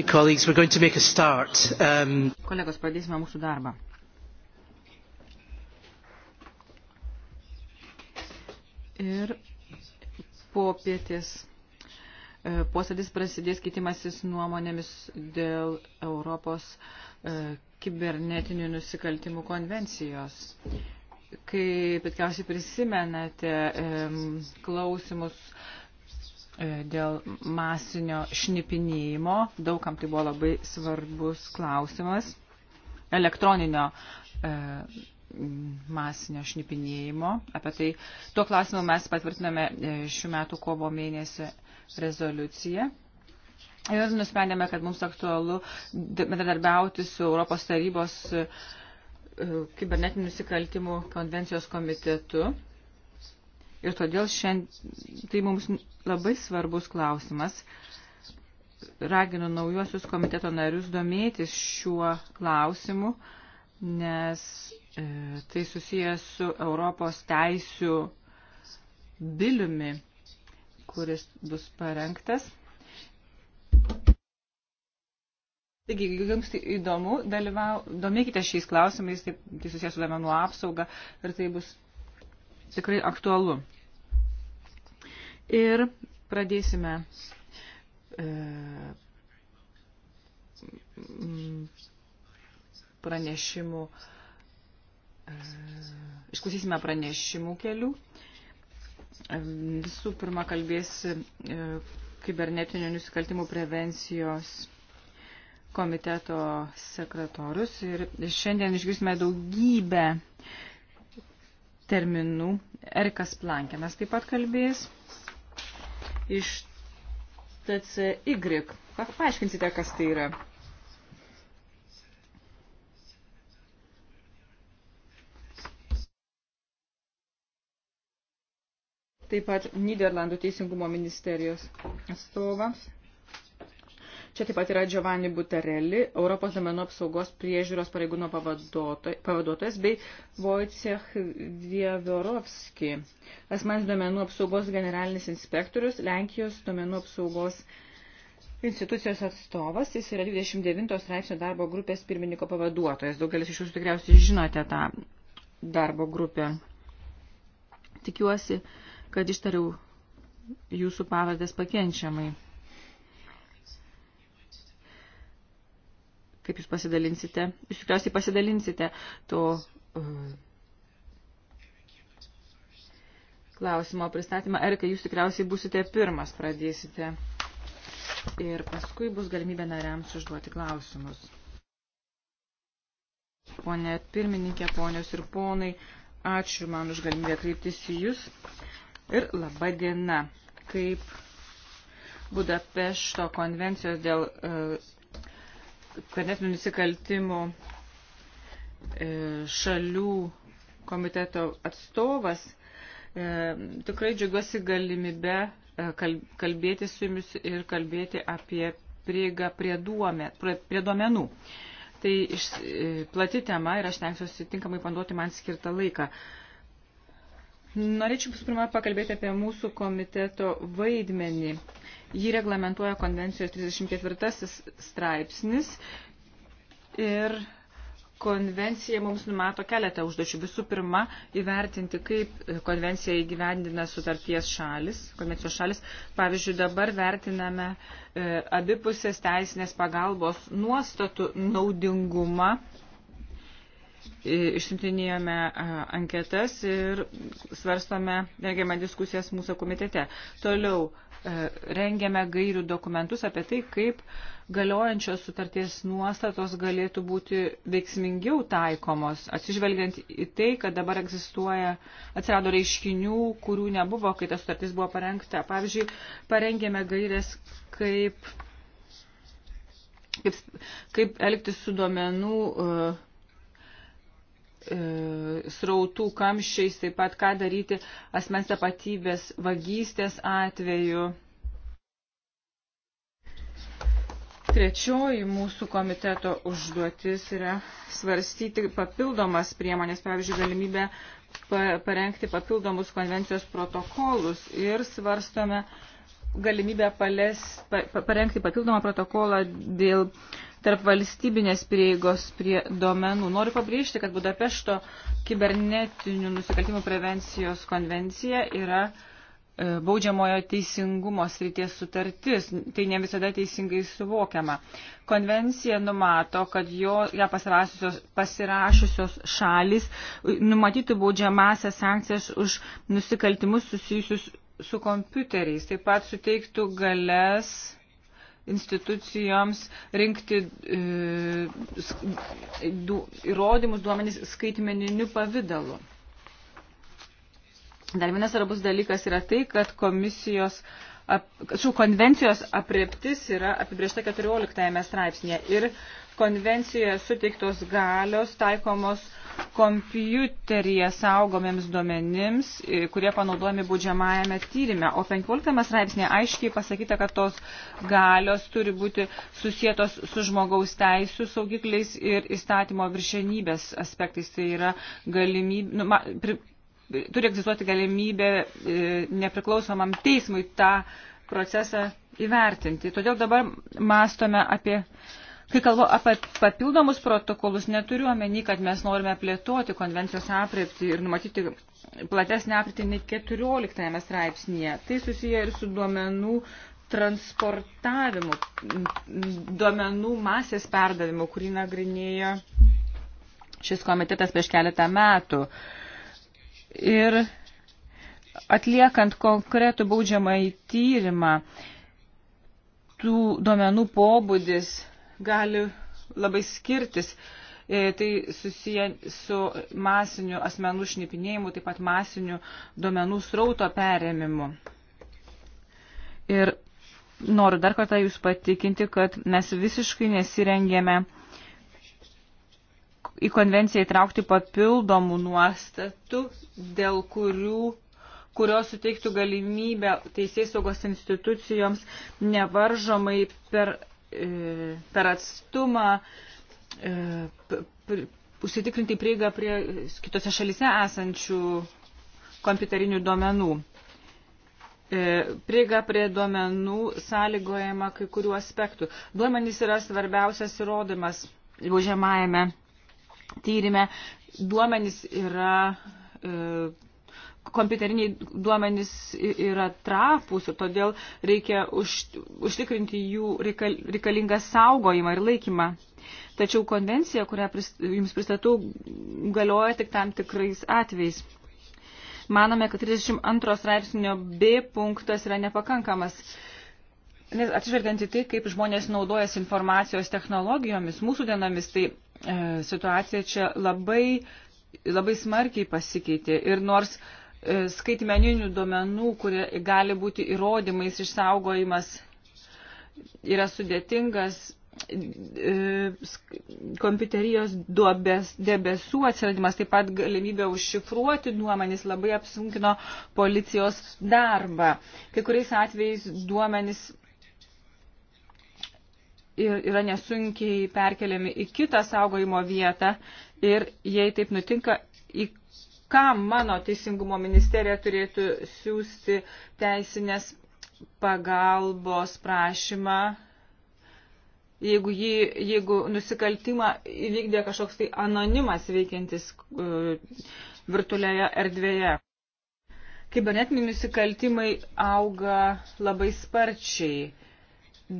Colleagues, we're going to make a start. Um... Kolegos, pradėsime mūsų darbą. Ir popietės e, posėdis prasidės keitimasis nuomonėmis dėl Europos e, kibernetinių nusikaltimų konvencijos. Kaip tikriausiai prisimenate klausimus E, dėl masinio šnipinėjimo. Daugam tai buvo labai svarbus klausimas. Elektroninio e, masinio šnipinėjimo. Apie tai tuo klausimu mes patvirtiname e, šių metų kovo mėnesio rezoliuciją. Ir nusprendėme, kad mums aktualu bendradarbiauti su Europos tarybos e, kibernetinių nusikaltimų konvencijos komitetu Ir todėl šiandien tai mums labai svarbus klausimas. Raginu naujuosius komiteto narius domėtis šiuo klausimu, nes e, tai susijęs su Europos teisių biliumi, kuris bus parengtas. Taigi, jums tai įdomu, dalyvau, domėkite šiais klausimais, tai, tai susijęs su duomenų apsauga ir tai bus tikrai aktualu ir pradėsime e, pranešimų, e, išklausysime pranešimų kelių. E, visų pirma, kalbės e, kibernetinių nusikaltimų prevencijos komiteto sekretorius ir šiandien išgirsime daugybę terminų. Erikas Plankė mes taip pat kalbės iš TCY. Paaiškinsite, kas tai yra. Taip pat Niderlandų teisingumo ministerijos atstovams Čia taip pat yra Giovanni Butarelli, Europos domenų apsaugos priežiūros pareigūno pavaduotojas, bei Vojcech Vievorovski, asmens domenų apsaugos generalinis inspektorius, Lenkijos domenų apsaugos institucijos atstovas, jis yra 29 straipsnio darbo grupės pirmininko pavaduotojas. Daugelis iš jūsų tikriausiai žinote tą darbo grupę. Tikiuosi, kad ištariau jūsų pavardės pakenčiamai. kaip jūs pasidalinsite, jūs tikriausiai pasidalinsite to uh, klausimo pristatymą. Erika, jūs tikriausiai būsite pirmas, pradėsite. Ir paskui bus galimybė nariams užduoti klausimus. Pone pirmininkė, ponios ir ponai, ačiū man už galimybę kreiptis į jūs. Ir laba diena. Kaip Budapešto konvencijos dėl uh, kvarnesnių nusikaltimų e, šalių komiteto atstovas. E, tikrai džiugiuosi galimybę e, kalbėti su jumis ir kalbėti apie prieigą prie, duome, prie duomenų. Tai iš, plati tema ir aš tenksiuosi tinkamai panduoti man skirtą laiką. Norėčiau visų pirma pakalbėti apie mūsų komiteto vaidmenį Jį reglamentuoja konvencijos 34 straipsnis ir konvencija mums numato keletą užduočių. Visų pirma, įvertinti, kaip konvencija įgyvendina sutarties šalis, konvencijos šalis. Pavyzdžiui, dabar vertiname e, abipusės teisinės pagalbos nuostatų naudingumą. E, Išsintinėjome e, anketas ir svarstome, rengiame diskusijas mūsų komitete. Toliau, E, rengiame gairių dokumentus apie tai, kaip galiojančios sutarties nuostatos galėtų būti veiksmingiau taikomos, atsižvelgiant į tai, kad dabar egzistuoja, atsirado reiškinių, kurių nebuvo, kai ta sutartis buvo parengta. Pavyzdžiui, parengėme gairės, kaip, kaip, kaip elgtis su duomenų. Uh, E, srautų kamščiais, taip pat ką daryti asmens tapatybės vagystės atveju. Trečioji mūsų komiteto užduotis yra svarstyti papildomas priemonės, pavyzdžiui, galimybę parengti papildomus konvencijos protokolus ir svarstome galimybę palės, pa, parengti papildomą protokolą dėl uh, tarp valstybinės prieigos prie domenų. Noriu pabrėžti, kad Budapešto kibernetinių nusikaltimų prevencijos konvencija yra e, baudžiamojo teisingumo srities sutartis. Tai ne visada teisingai suvokiama. Konvencija numato, kad jo, ją pasirašusios, pasirašusios šalis e, numatytų baudžiamąsias sankcijas už nusikaltimus susijusius su kompiuteriais. Taip pat suteiktų galės institucijoms rinkti e, du, įrodymus duomenys skaitmeniniu pavydalu. Dar vienas svarbus dalykas yra tai, kad komisijos ap, šių konvencijos apreptis yra apibriešta 14 straipsnėje ir konvencijoje suteiktos galios taikomos kompiuteryje saugomiems duomenims, e, kurie panaudojami būdžiamajame tyrimė. O 15 straipsnėje aiškiai pasakyta, kad tos galios turi būti susijėtos su žmogaus teisų saugikliais ir įstatymo viršenybės aspektais. Tai yra galimybė, nu, ma, pri, turi egzistuoti galimybė e, nepriklausomam teismui tą procesą įvertinti. Todėl dabar mastome apie Kai kalbu apie papildomus protokolus, neturiu omeny, kad mes norime plėtoti konvencijos apriepti ir numatyti platesnį apriptį nei 14 straipsnėje. Tai susiję ir su duomenų transportavimu, duomenų masės perdavimu, kurį nagrinėjo šis komitetas prieš keletą metų. Ir atliekant konkretų baudžiamąjį tyrimą, tų duomenų pobūdis gali labai skirtis. E, tai susiję su masiniu asmenų šnipinėjimu, taip pat masiniu duomenų srauto perėmimu. Ir noriu dar kartą Jūs patikinti, kad mes visiškai nesirengėme į konvenciją įtraukti papildomų nuostatų, dėl kurių kurios suteiktų galimybę teisės saugos institucijoms nevaržomai per E, per atstumą e, užsitikrinti prieigą prie kitose šalise esančių kompiuterinių duomenų. E, prieiga prie duomenų sąlygojama kai kurių aspektų. Duomenys yra svarbiausias įrodymas baudžiamajame tyrime. Duomenys yra e, kompiuteriniai duomenys yra trapūs ir todėl reikia už, užtikrinti jų reikal, reikalingą saugojimą ir laikymą. Tačiau konvencija, kurią prist, jums pristatau, galioja tik tam tikrais atvejais. Manome, kad 32 straipsnio B punktas yra nepakankamas. Nes atsižvelgiant į tai, kaip žmonės naudojasi informacijos technologijomis, mūsų dienomis, tai e, situacija čia labai, labai smarkiai pasikeitė. Ir nors e, E, skaitmeninių duomenų, kurie gali būti įrodymais išsaugojimas, yra sudėtingas e, kompiuterijos duobės, debesų atsiradimas, taip pat galimybė užšifruoti duomenys labai apsunkino policijos darbą. Kai kuriais atvejais duomenys yra nesunkiai perkeliami į kitą saugojimo vietą ir jei taip nutinka, į kam mano teisingumo ministerija turėtų siūsti teisinės pagalbos prašymą, jeigu, jį, jeigu nusikaltimą įvykdė kažkoks tai anonimas veikiantis e, virtualioje erdvėje. Kibernetiniai nusikaltimai auga labai sparčiai.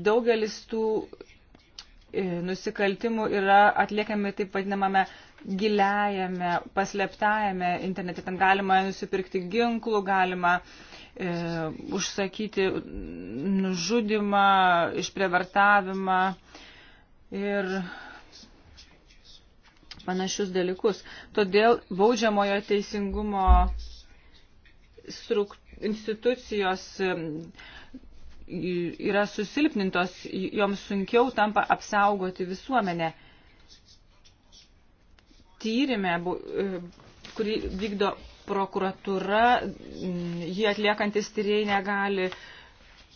Daugelis tų e, nusikaltimų yra atliekami taip vadinamame giliajame, paslėptajame internete. Ten galima nusipirkti ginklų, galima e, užsakyti nužudimą, išprievartavimą ir panašius dalykus. Todėl baudžiamojo teisingumo struk, institucijos e, yra susilpnintos, joms sunkiau tampa apsaugoti visuomenę. E, tyrimė, e, kurį vykdo prokuratūra, mm, jį atliekantis tyrėjai negali,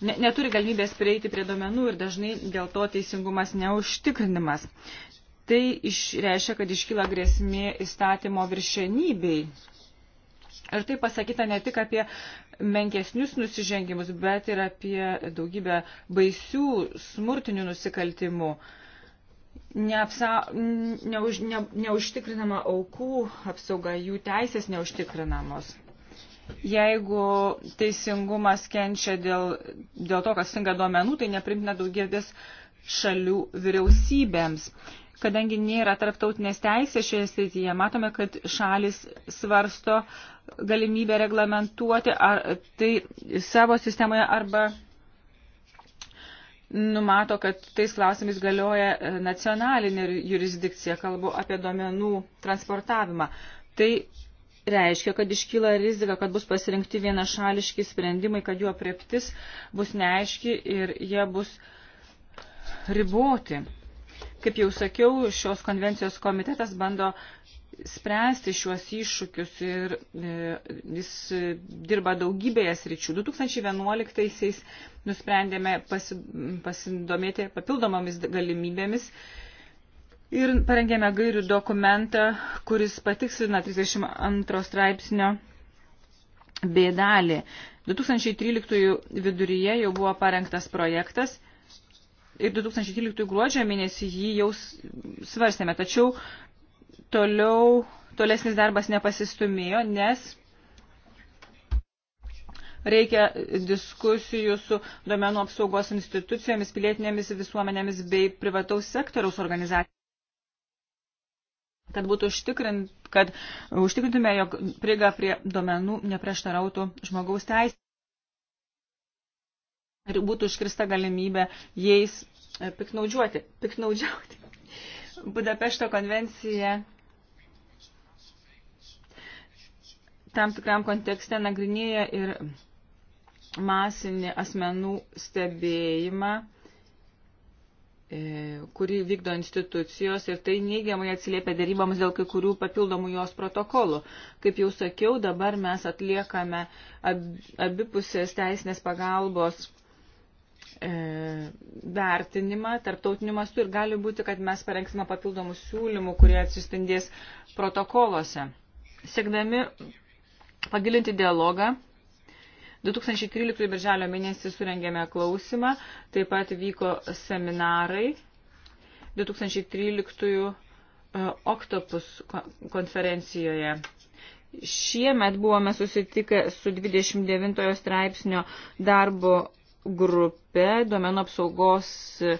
ne, neturi galimybės prieiti prie domenų ir dažnai dėl to teisingumas neužtikrinimas. Tai išreiškia, kad iškyla grėsmė įstatymo viršenybei. Ir tai pasakyta ne tik apie menkesnius nusižengimus, bet ir apie daugybę baisių smurtinių nusikaltimų. Uh, neapsa, neuž, ne, neužtikrinama aukų apsauga, jų teisės neužtikrinamos. Jeigu teisingumas kenčia dėl, dėl to, kas stinga duomenų, tai neprimtina daugybės šalių vyriausybėms. Kadangi nėra tarptautinės teisės šioje srityje, matome, kad šalis svarsto galimybę reglamentuoti ar, tai savo sistemoje arba numato, kad tais klausimais galioja e, nacionalinė jurisdikcija, kalbu apie duomenų transportavimą. Tai reiškia, kad iškyla rizika, kad bus pasirinkti vienašališki sprendimai, kad jų apreptis bus neaiški ir jie bus riboti. Kaip jau sakiau, šios konvencijos komitetas bando uh, spręsti šiuos iššūkius ir e, jis dirba daugybėje sričių. 2011-aisiais nusprendėme pasidomėti papildomomis galimybėmis ir parengėme gairių dokumentą, kuris patikslina 32 straipsnio bėdalį. 2013 viduryje jau buvo parengtas projektas ir 2013 gruodžio mėnesį jį jau svarstėme, tačiau toliau, tolesnis darbas nepasistumėjo, nes reikia diskusijų su domenų apsaugos institucijomis, pilietinėmis visuomenėmis bei privataus sektoriaus organizacijomis kad būtų užtikrint, kad užtikrintume, jog priga prie domenų neprieštarautų žmogaus teisės ir būtų užkrista galimybė jais piknaudžiuoti. piknaudžiauti. Budapešto konvencija tam tikram kontekste nagrinėja ir masinį asmenų stebėjimą, e, kurį vykdo institucijos ir tai neigiamai atsiliepia dėrybams dėl kai kurių papildomų jos protokolų. Kaip jau sakiau, dabar mes atliekame abipusės teisinės pagalbos e, vertinimą tarptautiniu mastu ir gali būti, kad mes parengsime papildomų siūlymų, kurie atsispindės protokoluose. Siekdami pagilinti dialogą. 2013 birželio mėnesį surengėme klausimą, taip pat vyko seminarai. 2013 e, Octopus konferencijoje. Šiemet buvome susitikę su 29 straipsnio darbo grupe, duomenų apsaugos e,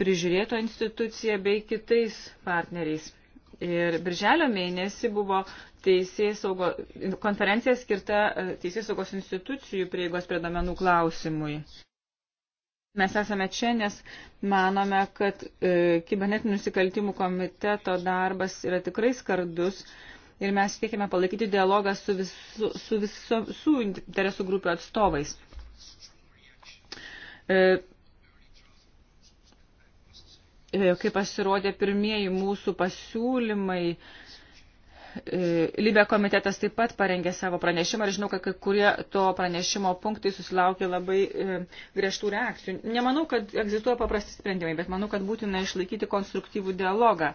prižiūrėto institucija bei kitais partneriais. Ir birželio mėnesį buvo saugo, konferencija skirta e, teisės saugos institucijų prieigos prie domenų klausimui. Mes esame čia, nes manome, kad e, kibernetinių nusikaltimų komiteto darbas yra tikrai skardus ir mes siekime palaikyti dialogą su visų, su visų su interesų grupių atstovais. E, E, kai pasirodė pirmieji mūsų pasiūlymai, e, Libė komitetas taip pat parengė savo pranešimą ir žinau, kad kai kurie to pranešimo punktai susilaukė labai e, griežtų reakcijų. Nemanau, kad egzistuoja paprasti sprendimai, bet manau, kad būtina išlaikyti konstruktyvų dialogą.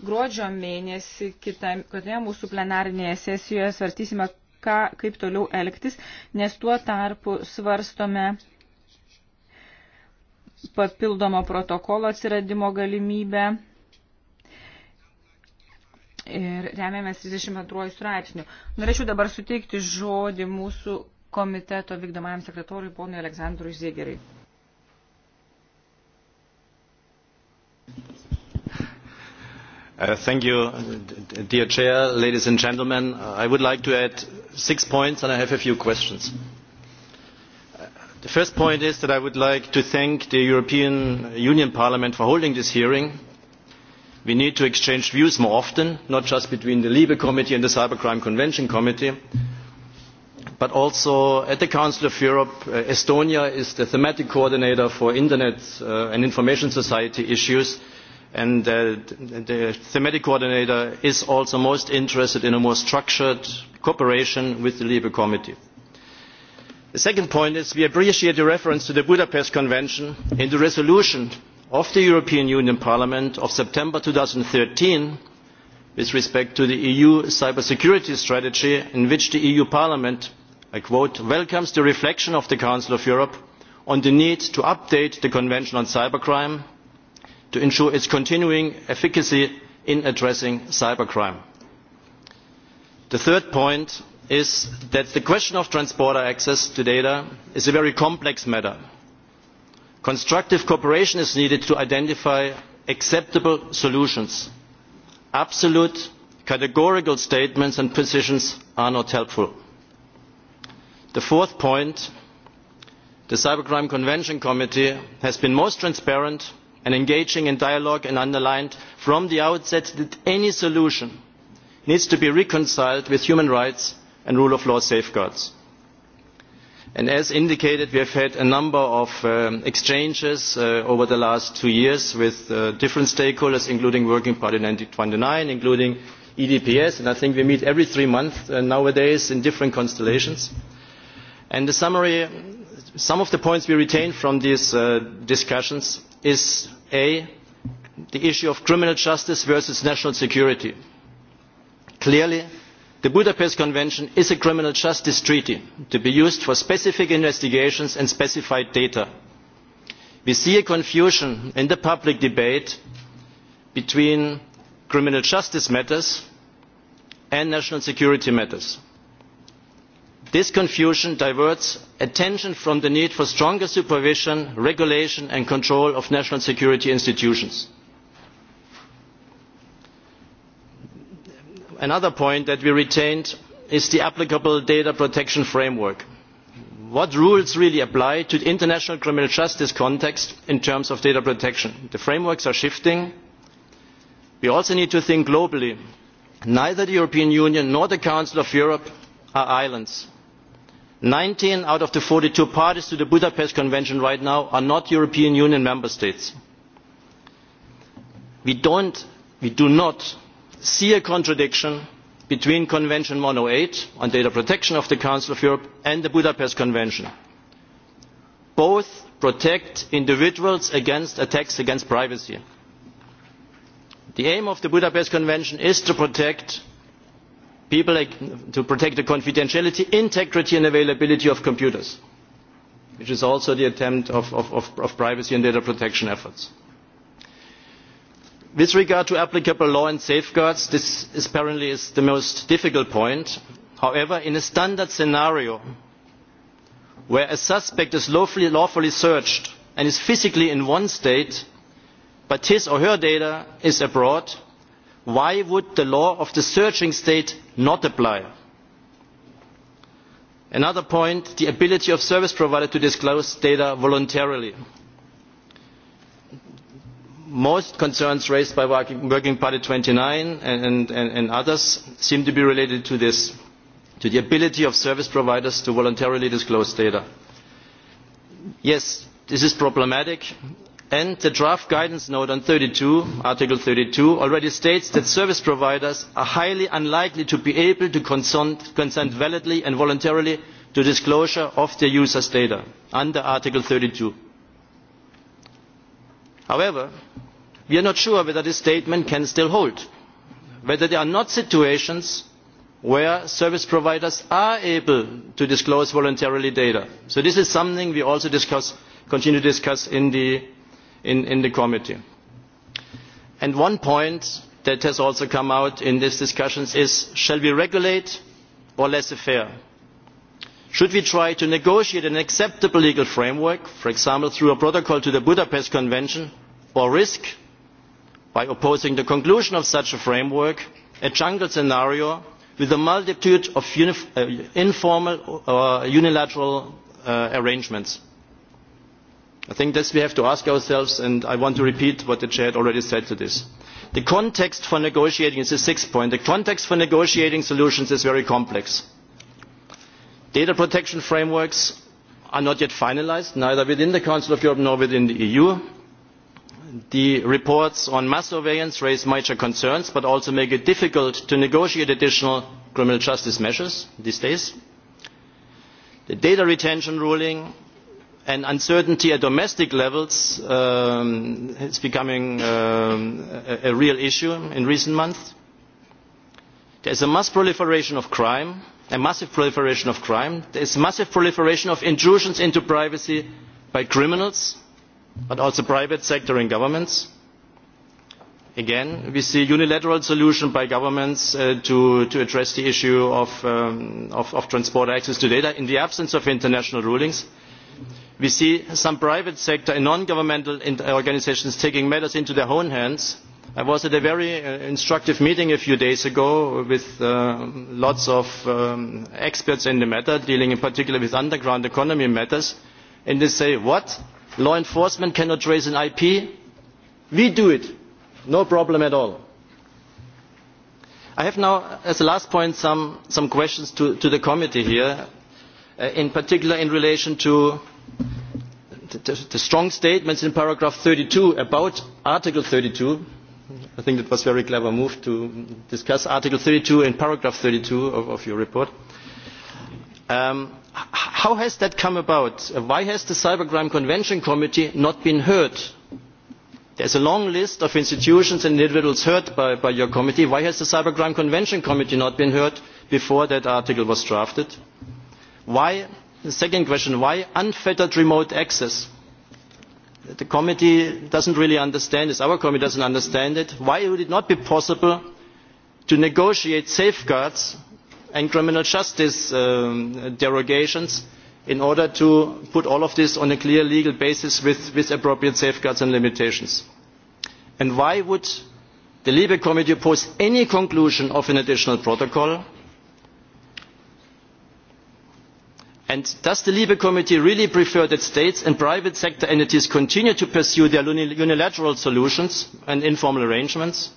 Gruodžio mėnesį kitoje mūsų plenarinėje sesijoje svarstysime, ką, kaip toliau elgtis, nes tuo tarpu svarstome papildomo protokolo atsiradimo galimybę. Ir remiamės 32 straipsnių. Norėčiau dabar suteikti žodį mūsų komiteto vykdomajam sekretoriui ponui Aleksandrui Ziegeriai. Uh, thank you, dear chair, ladies and gentlemen. Uh, I would like to add six points and I have a few questions. Mm -hmm the first point is that i would like to thank the european union parliament for holding this hearing. we need to exchange views more often not just between the libe committee and the cybercrime convention committee but also at the council of europe uh, estonia is the thematic coordinator for internet uh, and information society issues and uh, the thematic coordinator is also most interested in a more structured cooperation with the libe committee the second point is that we appreciate the reference to the budapest convention in the resolution of the european union parliament of september two thousand and thirteen with respect to the eu cybersecurity strategy in which the eu parliament quote, welcomes the reflection of the council of europe on the need to update the convention on cybercrime to ensure its continuing efficacy in addressing cybercrime. the third point is that the question of transporter access to data is a very complex matter. constructive cooperation is needed to identify acceptable solutions. absolute categorical statements and positions are not helpful. the fourth point the cybercrime convention committee has been most transparent and engaging in dialogue and underlined from the outset that any solution needs to be reconciled with human rights and rule of law safeguards. And as indicated, we have had a number of um, exchanges uh, over the last two years with uh, different stakeholders, including Working Party 1929, including EDPS, and I think we meet every three months uh, nowadays in different constellations. And the summary, some of the points we retain from these uh, discussions is A, the issue of criminal justice versus national security. Clearly, the budapest convention is a criminal justice treaty to be used for specific investigations and specified data. we see a confusion in the public debate between criminal justice matters and national security matters. this confusion diverts attention from the need for stronger supervision regulation and control of national security institutions. another point that we retained is the applicable data protection framework what rules really apply to the international criminal justice context in terms of data protection. the frameworks are shifting. we also need to think globally. neither the european union nor the council of europe are islands. nineteen out of the forty two parties to the budapest convention right now are not european union member states. we, don't, we do not see a contradiction between convention one hundred oh and eight on data protection of the council of europe and the budapest convention. both protect individuals against attacks against privacy. the aim of the budapest convention is to protect people to protect the confidentiality integrity and availability of computers which is also the attempt of, of, of privacy and data protection efforts with regard to applicable law and safeguards this apparently is the most difficult point. however in a standard scenario where a suspect is lawfully searched and is physically in one state but his or her data is abroad why would the law of the searching state not apply? another point the ability of service providers to disclose data voluntarily most concerns raised by working party twenty nine and, and, and others seem to be related to this to the ability of service providers to voluntarily disclose data. yes this is problematic and the draft guidance note on 32, article 32 already states that service providers are highly unlikely to be able to consent, consent validly and voluntarily to disclosure of their users' data under article 32 however we are not sure whether this statement can still hold whether there are not situations where service providers are able to disclose voluntarily data. so this is something we also discuss, continue to discuss in the, in, in the committee. and one point that has also come out in these discussions is shall we regulate or laissez faire? should we try to negotiate an acceptable legal framework for example through a protocol to the budapest convention or risk by opposing the conclusion of such a framework a jungle scenario with a multitude of uh, informal or uh, unilateral uh, arrangements? i think this we have to ask ourselves and i want to repeat what the chair had already said to this. the context for negotiating is the sixth point the context for negotiating solutions is very complex data protection frameworks are not yet finalised neither within the council of europe nor within the eu. the reports on mass surveillance raise major concerns but also make it difficult to negotiate additional criminal justice measures these days. the data retention ruling and uncertainty at domestic levels um, is becoming um, a, a real issue in recent months. there is a mass proliferation of crime a massive proliferation of crime there is massive proliferation of intrusions into privacy by criminals but also private sector and governments. again we see unilateral solutions by governments uh, to, to address the issue of, um, of, of transport access to data in the absence of international rulings. we see some private sector and non governmental organisations taking matters into their own hands I was at a very uh, instructive meeting a few days ago with uh, lots of um, experts in the matter, dealing in particular with underground economy matters, and they say, what? Law enforcement cannot trace an IP? We do it. No problem at all. I have now, as a last point, some, some questions to, to the committee here, uh, in particular in relation to the, the, the strong statements in paragraph 32 about Article 32 I think that was a very clever move to discuss Article 32 and paragraph 32 of, of your report. Um, how has that come about? Why has the Cybercrime Convention Committee not been heard? There's a long list of institutions and individuals heard by, by your committee. Why has the Cybercrime Convention Committee not been heard before that article was drafted? Why, the second question, why unfettered remote access? the committee doesn't really understand this, our committee doesn't understand it, why would it not be possible to negotiate safeguards and criminal justice um, derogations in order to put all of this on a clear legal basis with, with appropriate safeguards and limitations? And why would the Libe Committee oppose any conclusion of an additional protocol? And does the libe committee really prefer that states and private sector entities continue to pursue their unilateral solutions and informal arrangements?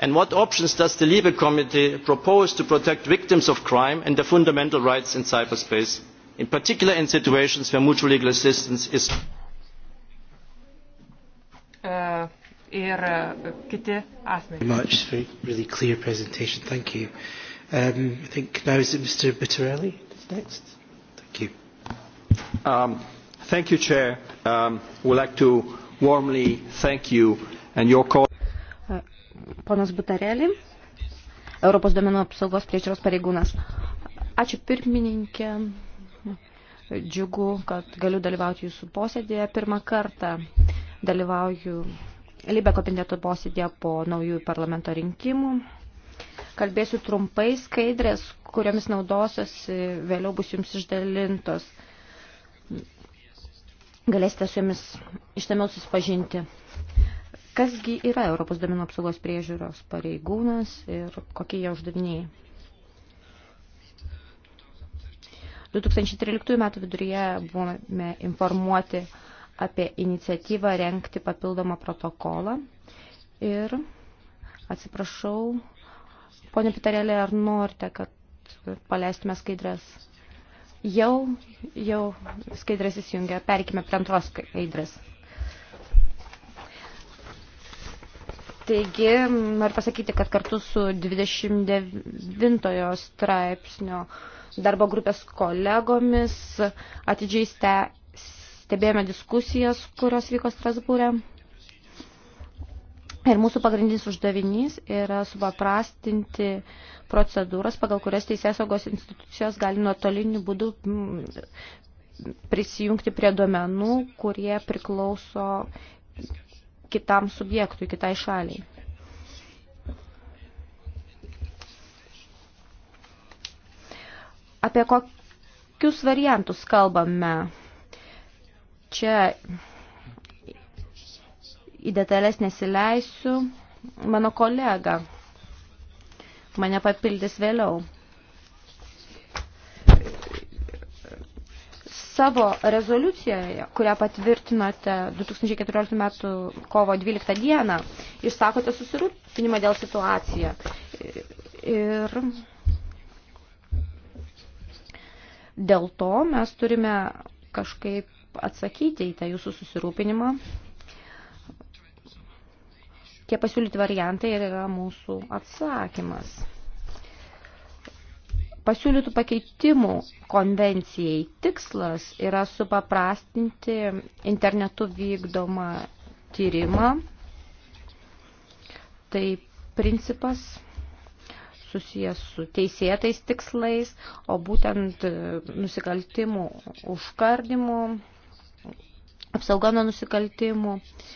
And what options does the libe committee propose to protect victims of crime and their fundamental rights in cyberspace in particular in situations where mutual legal assistance is uh, ir uh, kiti asmenys. Much for really clear presentation. Thank you. Um, I think now is it Mr. Bittarelli? Next. Thank you. Um, thank you, Chair. Um, we'd like to warmly thank you and your call. Uh, ponas Butarelį, Europos domenų apsaugos priežiūros pareigūnas. Ačiū pirmininkė. Džiugu, kad galiu dalyvauti jūsų posėdėje. Pirmą kartą dalyvauju Libeko komiteto posėdėje po naujųjų parlamento rinkimų. Kalbėsiu trumpai skaidrės, kuriomis naudosios vėliau bus jums išdalintos. Galėsite su jomis ištamiau susipažinti. Kasgi yra Europos domenų apsaugos priežiūros pareigūnas ir kokie jie uždaviniai? 2013 metų viduryje buvome informuoti apie iniciatyvą renkti papildomą protokolą ir atsiprašau Pone Pitarėlė, ar norite, kad paleistume skaidrės? Jau, jau skaidrės įsijungia. Perkime prie antros skaidrės. Taigi, noriu pasakyti, kad kartu su 29 straipsnio darbo grupės kolegomis atidžiai ste, stebėjome diskusijas, kurios vyko Strasbūrė. E. Ir mūsų pagrindinis uždavinys yra supaprastinti procedūras, pagal kurias teisėsaugos institucijos gali nuotoliniu būdu mm, prisijungti prie duomenų, kurie priklauso kitam subjektui, kitai šaliai. Apie kokius variantus kalbame? Čia į detalės nesileisiu. Mano kolega mane papildys vėliau. Savo rezoliucijoje, kurią patvirtinote 2014 metų kovo 12 dieną, išsakote susirūpinimą dėl situaciją. Ir dėl to mes turime kažkaip atsakyti į tą jūsų susirūpinimą Tie pasiūlyti variantai yra mūsų atsakymas. Pasiūlytų pakeitimų konvencijai tikslas yra supaprastinti internetu vykdomą tyrimą. Tai principas susijęs su teisėtais tikslais, o būtent nusikaltimų užkardimu, apsauga nuo nusikaltimų. Uh,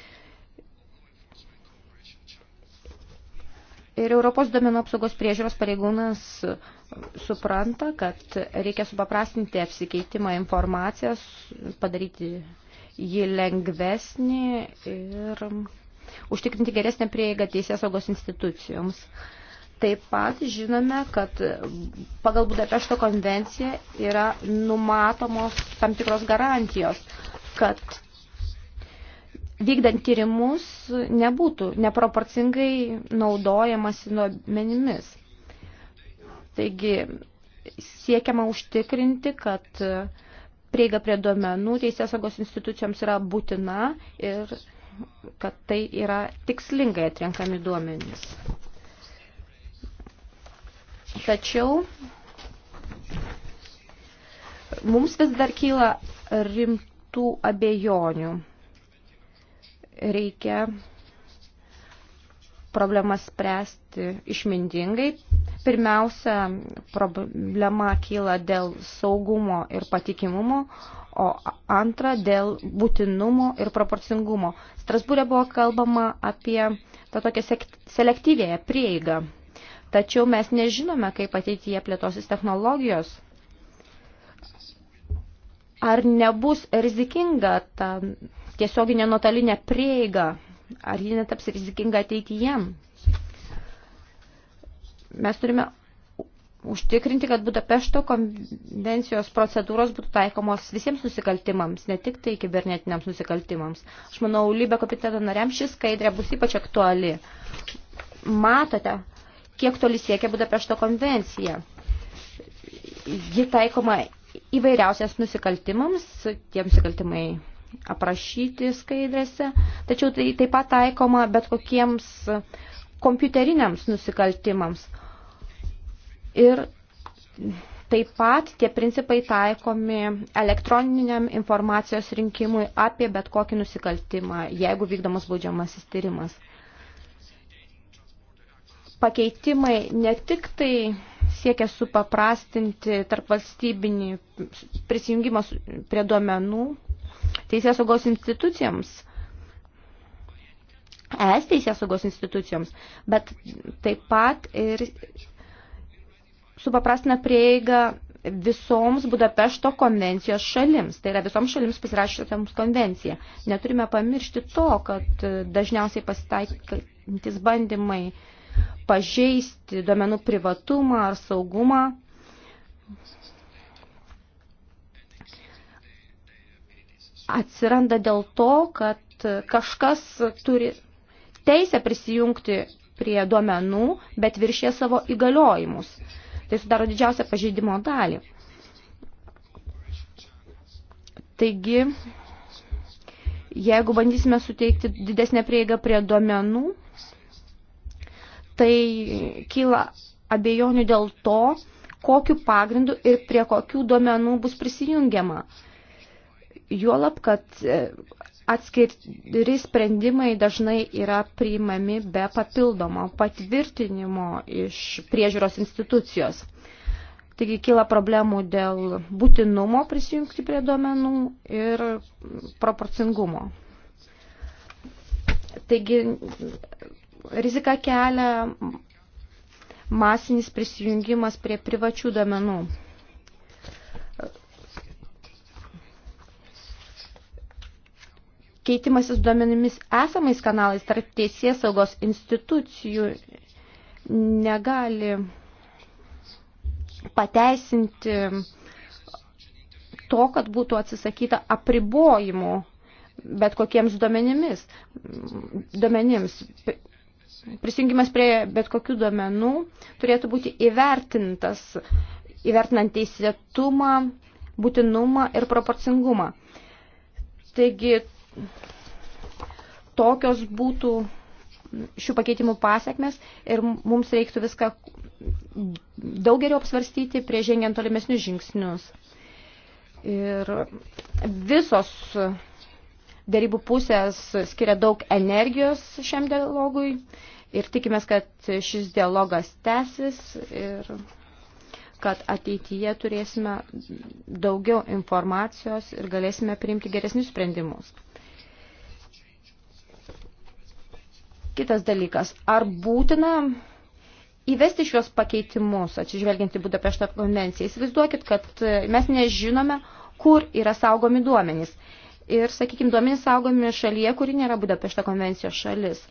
Ir Europos domenų apsaugos priežiūros pareigūnas supranta, kad reikia supaprastinti apsikeitimą informaciją, padaryti jį lengvesnį ir užtikrinti geresnę prieigą teisės saugos institucijoms. Taip pat žinome, kad pagal Budapešto konvenciją yra numatomos tam tikros garantijos, kad vykdant tyrimus nebūtų neproporcingai naudojamas duomenimis. Taigi siekiama užtikrinti, kad prieiga prie duomenų teisėsaugos institucijoms yra būtina ir kad tai yra tikslingai atrenkami duomenys. Tačiau mums vis dar kyla rimtų abejonių reikia problemas spręsti išmintingai. Pirmiausia, problema kyla dėl saugumo ir patikimumo, o antra dėl būtinumo ir proporcingumo. Strasbūrė buvo kalbama apie tą tokią selektyvėją prieigą. Tačiau mes nežinome, kaip ateityje plėtosis technologijos. Ar nebus rizikinga ta tiesioginę nuotolinę prieigą, ar ji netaps rizikinga ateityje. Mes turime užtikrinti, kad Budapešto konvencijos procedūros būtų taikomos visiems nusikaltimams, ne tik tai kibernetiniams nusikaltimams. Aš manau, Libė komiteto nariam šis skaidrė bus ypač aktuali. Matote, kiek toli siekia Budapešto konvencija. Ji taikoma įvairiausias nusikaltimams, tie nusikaltimai aprašyti skaidrėse, tačiau tai taip pat taikoma bet kokiems kompiuteriniams nusikaltimams. Ir taip pat tie principai taikomi elektroniniam informacijos rinkimui apie bet kokį nusikaltimą, jeigu vykdomas baudžiamasis tyrimas. Pakeitimai ne tik tai siekia supaprastinti tarp valstybinį prisijungimą prie duomenų teisės saugos institucijoms. Es teisės saugos institucijoms, bet taip pat ir supaprastina prieigą visoms Budapešto konvencijos šalims, tai yra visoms šalims pasirašytams konvenciją. Neturime pamiršti to, kad dažniausiai pasitaikantis bandymai pažeisti duomenų privatumą ar saugumą atsiranda dėl to, kad kažkas turi teisę prisijungti prie duomenų, bet viršė savo įgaliojimus. Tai sudaro didžiausią pažeidimo dalį. Taigi, jeigu bandysime suteikti didesnę prieigą prie duomenų, tai kyla abejonių dėl to, kokiu pagrindu ir prie kokių duomenų bus prisijungiama. Uh, Juolab, kad e, atskiri sprendimai dažnai yra priimami be papildomo patvirtinimo iš priežiūros institucijos. Taigi kyla problemų dėl būtinumo prisijungti prie duomenų ir proporcingumo. Taigi rizika kelia masinis prisijungimas prie privačių duomenų. keitimasis duomenimis esamais kanalais tarp teisės saugos institucijų negali pateisinti to, kad būtų atsisakyta apribojimų bet kokiems duomenimis, duomenims. Prisijungimas prie bet kokių duomenų turėtų būti įvertintas, įvertinant teisėtumą, būtinumą ir proporcingumą. Taigi tokios būtų šių pakeitimų pasiekmes ir mums reiktų viską daug geriau apsvarstyti prie žengiant tolimesnius žingsnius. Ir visos dėrybų pusės skiria daug energijos šiam dialogui ir tikimės, kad šis dialogas tęsis ir kad ateityje turėsime daugiau informacijos ir galėsime priimti geresnius sprendimus. Kitas dalykas, ar būtina įvesti šios pakeitimus, atsižvelgiant į Budapešto konvenciją. Įsivaizduokit, kad e, mes nežinome, kur yra saugomi duomenys. Ir, sakykime, duomenys saugomi šalyje, kuri nėra Budapešto konvencijos šalis.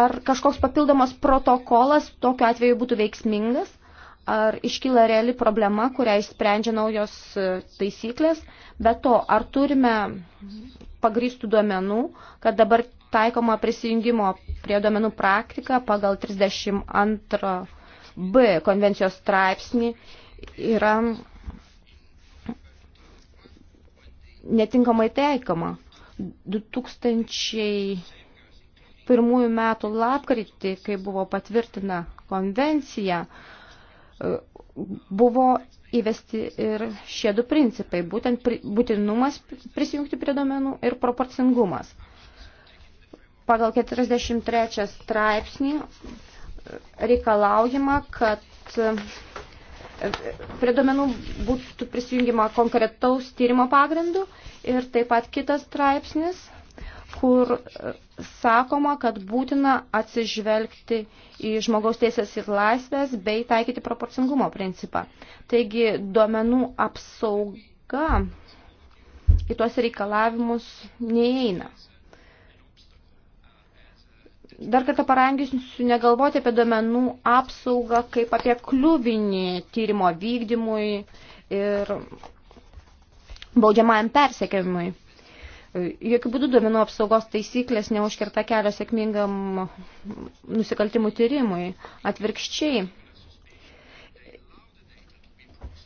Ar kažkoks papildomas protokolas tokiu atveju būtų veiksmingas? ar iškyla reali problema, kurią išsprendžia naujos e, taisyklės, bet to, ar turime pagristų duomenų, kad dabar taikoma prisijungimo prie duomenų praktika pagal 32b konvencijos straipsnį yra netinkamai taikoma. 2001 metų lapkritį, kai buvo patvirtina konvencija, uh, buvo įvesti ir šie du principai, būtent būtinumas prisijungti prie domenų ir proporcingumas. Pagal 43 straipsnį reikalaujama, kad e, prie domenų būtų prisijungima konkretaus tyrimo pagrindu ir taip pat kitas straipsnis kur sakoma, kad būtina atsižvelgti į žmogaus teisės ir laisvės bei taikyti proporcingumo principą. Taigi duomenų apsauga į tuos reikalavimus neįeina. Dar kartą parangysiu negalvoti apie duomenų apsaugą kaip apie kliuvinį tyrimo vykdymui ir baudžiamajam persekiojimui. Jokių būdų duomenų apsaugos taisyklės neužkerta kelio sėkmingam nusikaltimų tyrimui. Atvirkščiai,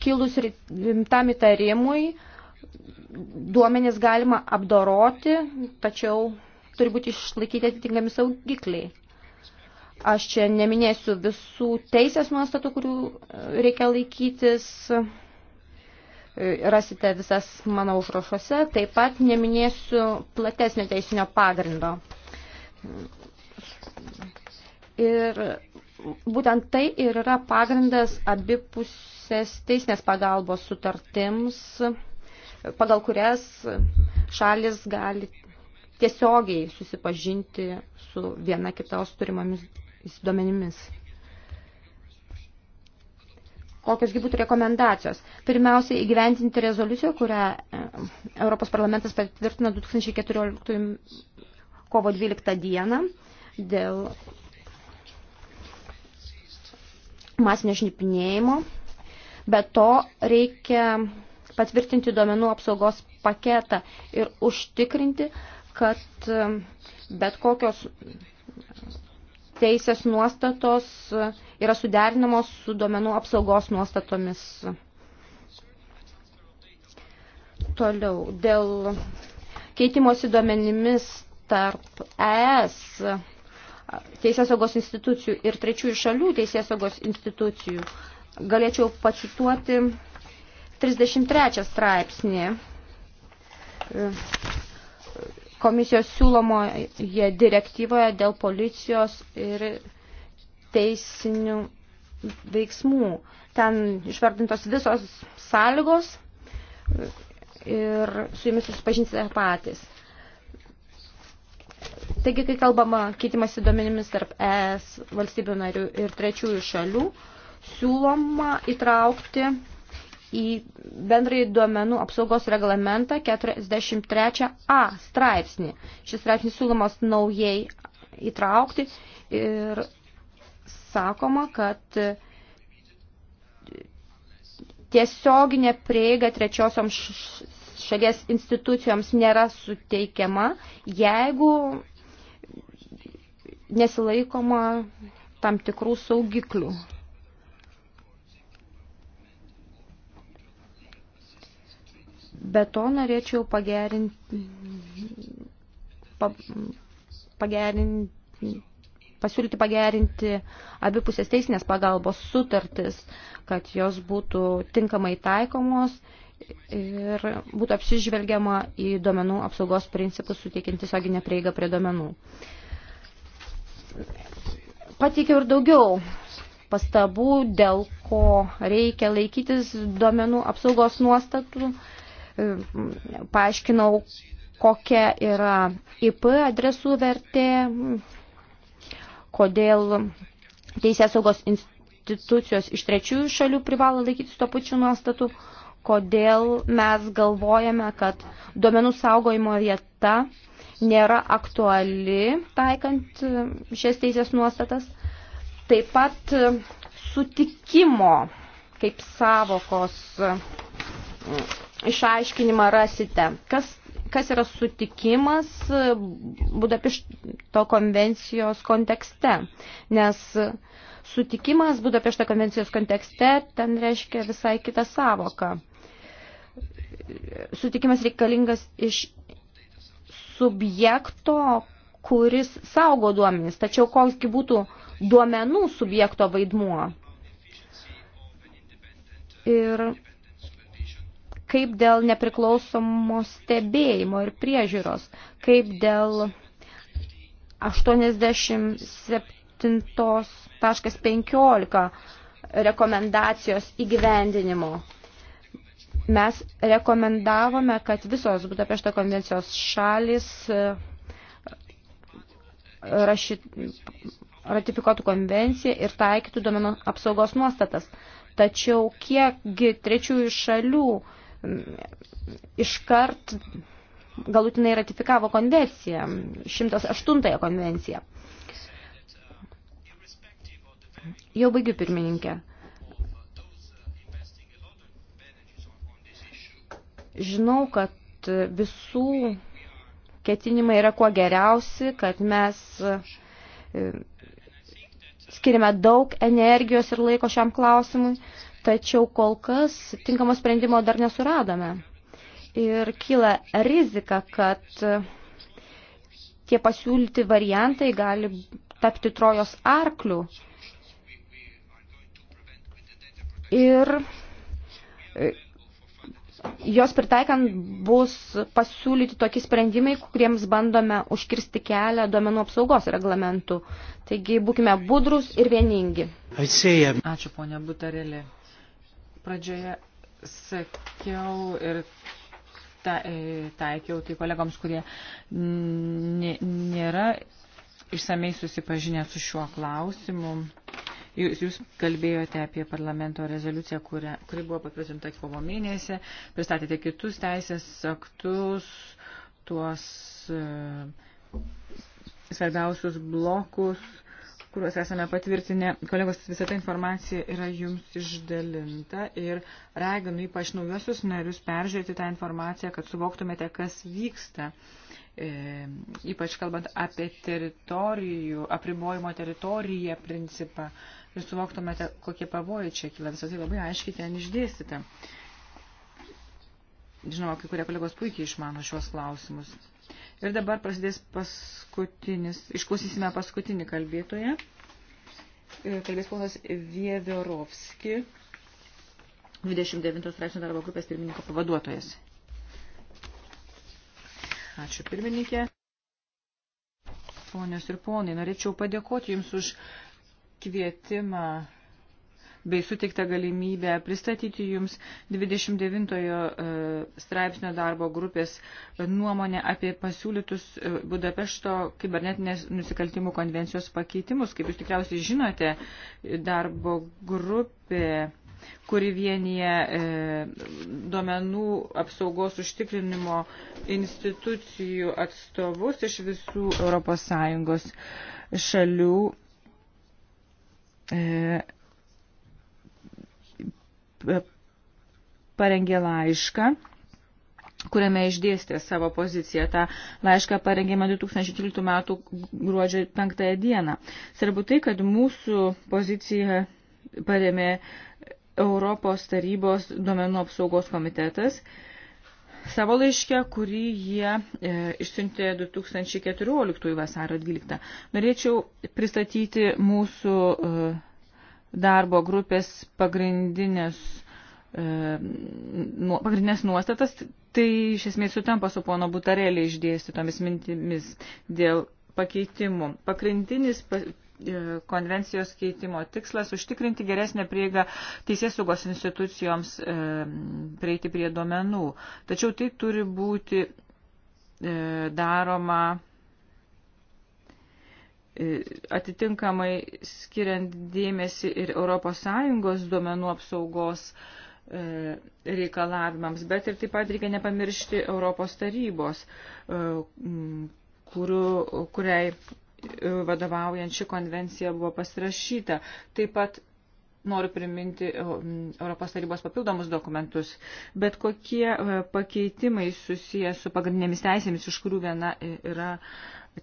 kilus rimtam įtarimui, duomenis galima apdoroti, tačiau turi būti išlaikyti atitinkami saugikliai. Aš čia neminėsiu visų teisės nuostatų, kurių reikia laikytis rasite visas mano užrašuose, taip pat neminėsiu platesnio teisinio pagrindo. Ir būtent tai ir yra pagrindas abipusės teisinės pagalbos sutartims, pagal kurias šalis gali tiesiogiai susipažinti su viena kitos turimomis duomenimis kokiosgi būtų rekomendacijos. Pirmiausia, įgyventinti rezoliuciją, kurią e, Europos parlamentas patvirtino 2014 kovo 12 dieną dėl masinio šnipinėjimo. Be to reikia patvirtinti duomenų apsaugos paketą ir užtikrinti, kad e, bet kokios teisės nuostatos yra suderinamos su duomenų apsaugos nuostatomis. Toliau, dėl keitimosi duomenimis tarp ES teisės saugos institucijų ir trečiųjų šalių teisės saugos institucijų galėčiau pacituoti 33 straipsnį komisijos siūlomoje direktyvoje dėl policijos ir teisinių veiksmų. Ten išvardintos visos sąlygos ir su jumis susipažinsite patys. Taigi, kai kalbama keitimasi duomenimis tarp ES valstybių narių ir trečiųjų šalių, siūloma įtraukti į bendrąjį duomenų apsaugos reglamentą 43a straipsnį. Šis straipsnis siūlomas naujai įtraukti ir sakoma, kad tiesioginė prieiga trečiosioms šalies institucijoms nėra suteikiama, jeigu nesilaikoma tam tikrų saugiklių. Be to norėčiau pagerinti, pa, pagerinti pasiūlyti pagerinti abipusės teisinės pagalbos sutartis, kad jos būtų tinkamai taikomos ir būtų apsižvelgiama į duomenų apsaugos principus suteikiant tiesioginę prieigą prie duomenų. Pateikiau ir daugiau pastabų, dėl ko reikia laikytis duomenų apsaugos nuostatų paaiškinau, kokia yra IP adresų vertė, kodėl teisės saugos institucijos iš trečiųjų šalių privalo laikytis to pačių nuostatų, kodėl mes galvojame, kad duomenų saugojimo vieta nėra aktuali taikant šias teisės nuostatas. Taip pat sutikimo kaip savokos išaiškinimą rasite. Kas, kas yra sutikimas e, Budapešto konvencijos kontekste? Nes sutikimas Budapešto konvencijos kontekste ten reiškia visai kitą savoką. Sutikimas reikalingas iš subjekto, kuris saugo duomenys. Tačiau koksgi būtų duomenų subjekto vaidmuo? Ir kaip dėl nepriklausomo stebėjimo ir priežiūros, kaip dėl 87.15 rekomendacijos įgyvendinimo. Mes rekomendavome, kad visos Budapešto konvencijos šalis e, rašyt, ratifikuotų konvenciją ir taikytų duomenų apsaugos nuostatas. Tačiau kiekgi trečiųjų šalių uh, iškart galutinai ratifikavo konvenciją, 108 konvenciją. Jau baigiu pirmininkę. Žinau, kad visų ketinimai yra kuo geriausi, kad mes e, skiriame daug energijos ir laiko šiam klausimui tačiau kol kas tinkamo sprendimo dar nesuradome. Ir kyla rizika, kad tie pasiūlyti variantai gali tapti trojos arklių. Ir e, jos pritaikant bus pasiūlyti tokie sprendimai, kuriems bandome užkirsti kelią duomenų apsaugos reglamentų. Taigi būkime budrus ir vieningi. Um, Ačiū, ponia Butarelė pradžioje sakiau ir ta, e, taikiau tai kolegoms, kurie nėra išsamei susipažinę su šiuo klausimu. Jūs, jūs kalbėjote apie parlamento rezoliuciją, kuri, kuri buvo patvirtinta kovo mėnesį, pristatėte kitus teisės aktus, tuos e, svarbiausius blokus, kuriuos esame patvirtinę. Kolegos, visa ta informacija yra jums išdalinta ir raginu ypač naujosius narius peržiūrėti tą informaciją, kad suvoktumėte, kas vyksta. E, ypač kalbant apie teritorijų, apribojimo teritoriją principą ir suvoktumėte, kokie pavojai čia kyla. Visą tai labai aiškiai ten išdėstyti. Žinoma, kai kurie kolegos puikiai išmano šios klausimus. Ir dabar prasidės paskutinis, išklausysime paskutinį kalbėtoją. E, kalbės ponas Vieverovski, 29 straipsnio darbo grupės pirmininko pavaduotojas. Ačiū pirmininkė. Ponios ir ponai, norėčiau padėkoti Jums už kvietimą bei suteikta galimybė pristatyti Jums 29 e, straipsnio darbo grupės nuomonę apie pasiūlytus e, Budapešto kibernetinės nusikaltimų konvencijos pakeitimus. Kaip Jūs tikriausiai žinote, darbo grupė kuri vienyje e, duomenų apsaugos užtikrinimo institucijų atstovus iš visų ES šalių e, E, parengė laišką kuriame išdėstė savo poziciją. Ta laišką parengėme 2013 m. gruodžio 5 dieną. Svarbu tai, kad mūsų pozicija paremė Europos tarybos domenų apsaugos komitetas savo laiške, kurį jie e, išsiuntė 2014 vasario 12. Norėčiau pristatyti mūsų e, darbo grupės pagrindinės, e, nu, pagrindinės nuostatas, tai iš esmės sutampa su pono Butarelį išdėstytomis mintimis dėl pakeitimų. Pagrindinis pa, e, konvencijos keitimo tikslas - užtikrinti geresnę prieigą teisės saugos institucijoms e, prieiti prie duomenų. Tačiau tai turi būti e, daroma E, atitinkamai skiriant dėmesį ir ES duomenų apsaugos e, reikalavimams, bet ir taip pat reikia nepamiršti Europos tarybos, e, kuriu, kuriai vadovaujant ši konvencija buvo pasirašyta. Taip pat noriu priminti e, Europos tarybos papildomus dokumentus, bet kokie e, pakeitimai susiję su pagrindinėmis teisėmis, iš kurių viena e, yra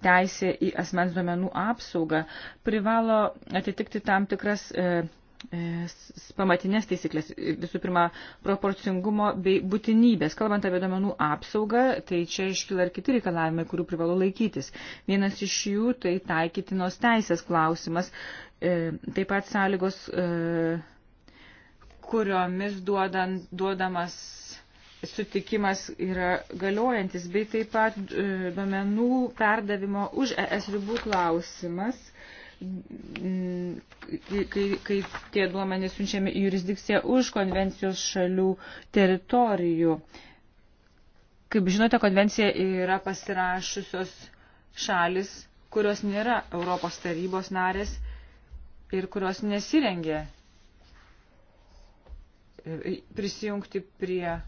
teisė į asmens duomenų apsaugą, privalo atitikti tam tikras e, e, pamatinės taisyklės, visų pirma, proporcingumo bei būtinybės. Kalbant apie duomenų apsaugą, tai čia iškyla ir kiti reikalavimai, kurių privalo laikytis. Vienas iš jų tai taikytinos teisės klausimas, E, taip pat sąlygos, e, kuriomis duodant, duodamas sutikimas yra galiojantis, bei taip pat e, duomenų perdavimo už ES ribų klausimas kai, kai tie duomenys siunčiami į jurisdikciją už konvencijos šalių teritorijų. Kaip žinote, konvencija yra pasirašusios šalis, kurios nėra Europos tarybos narės ir kurios nesirengė e, e, prisijungti prie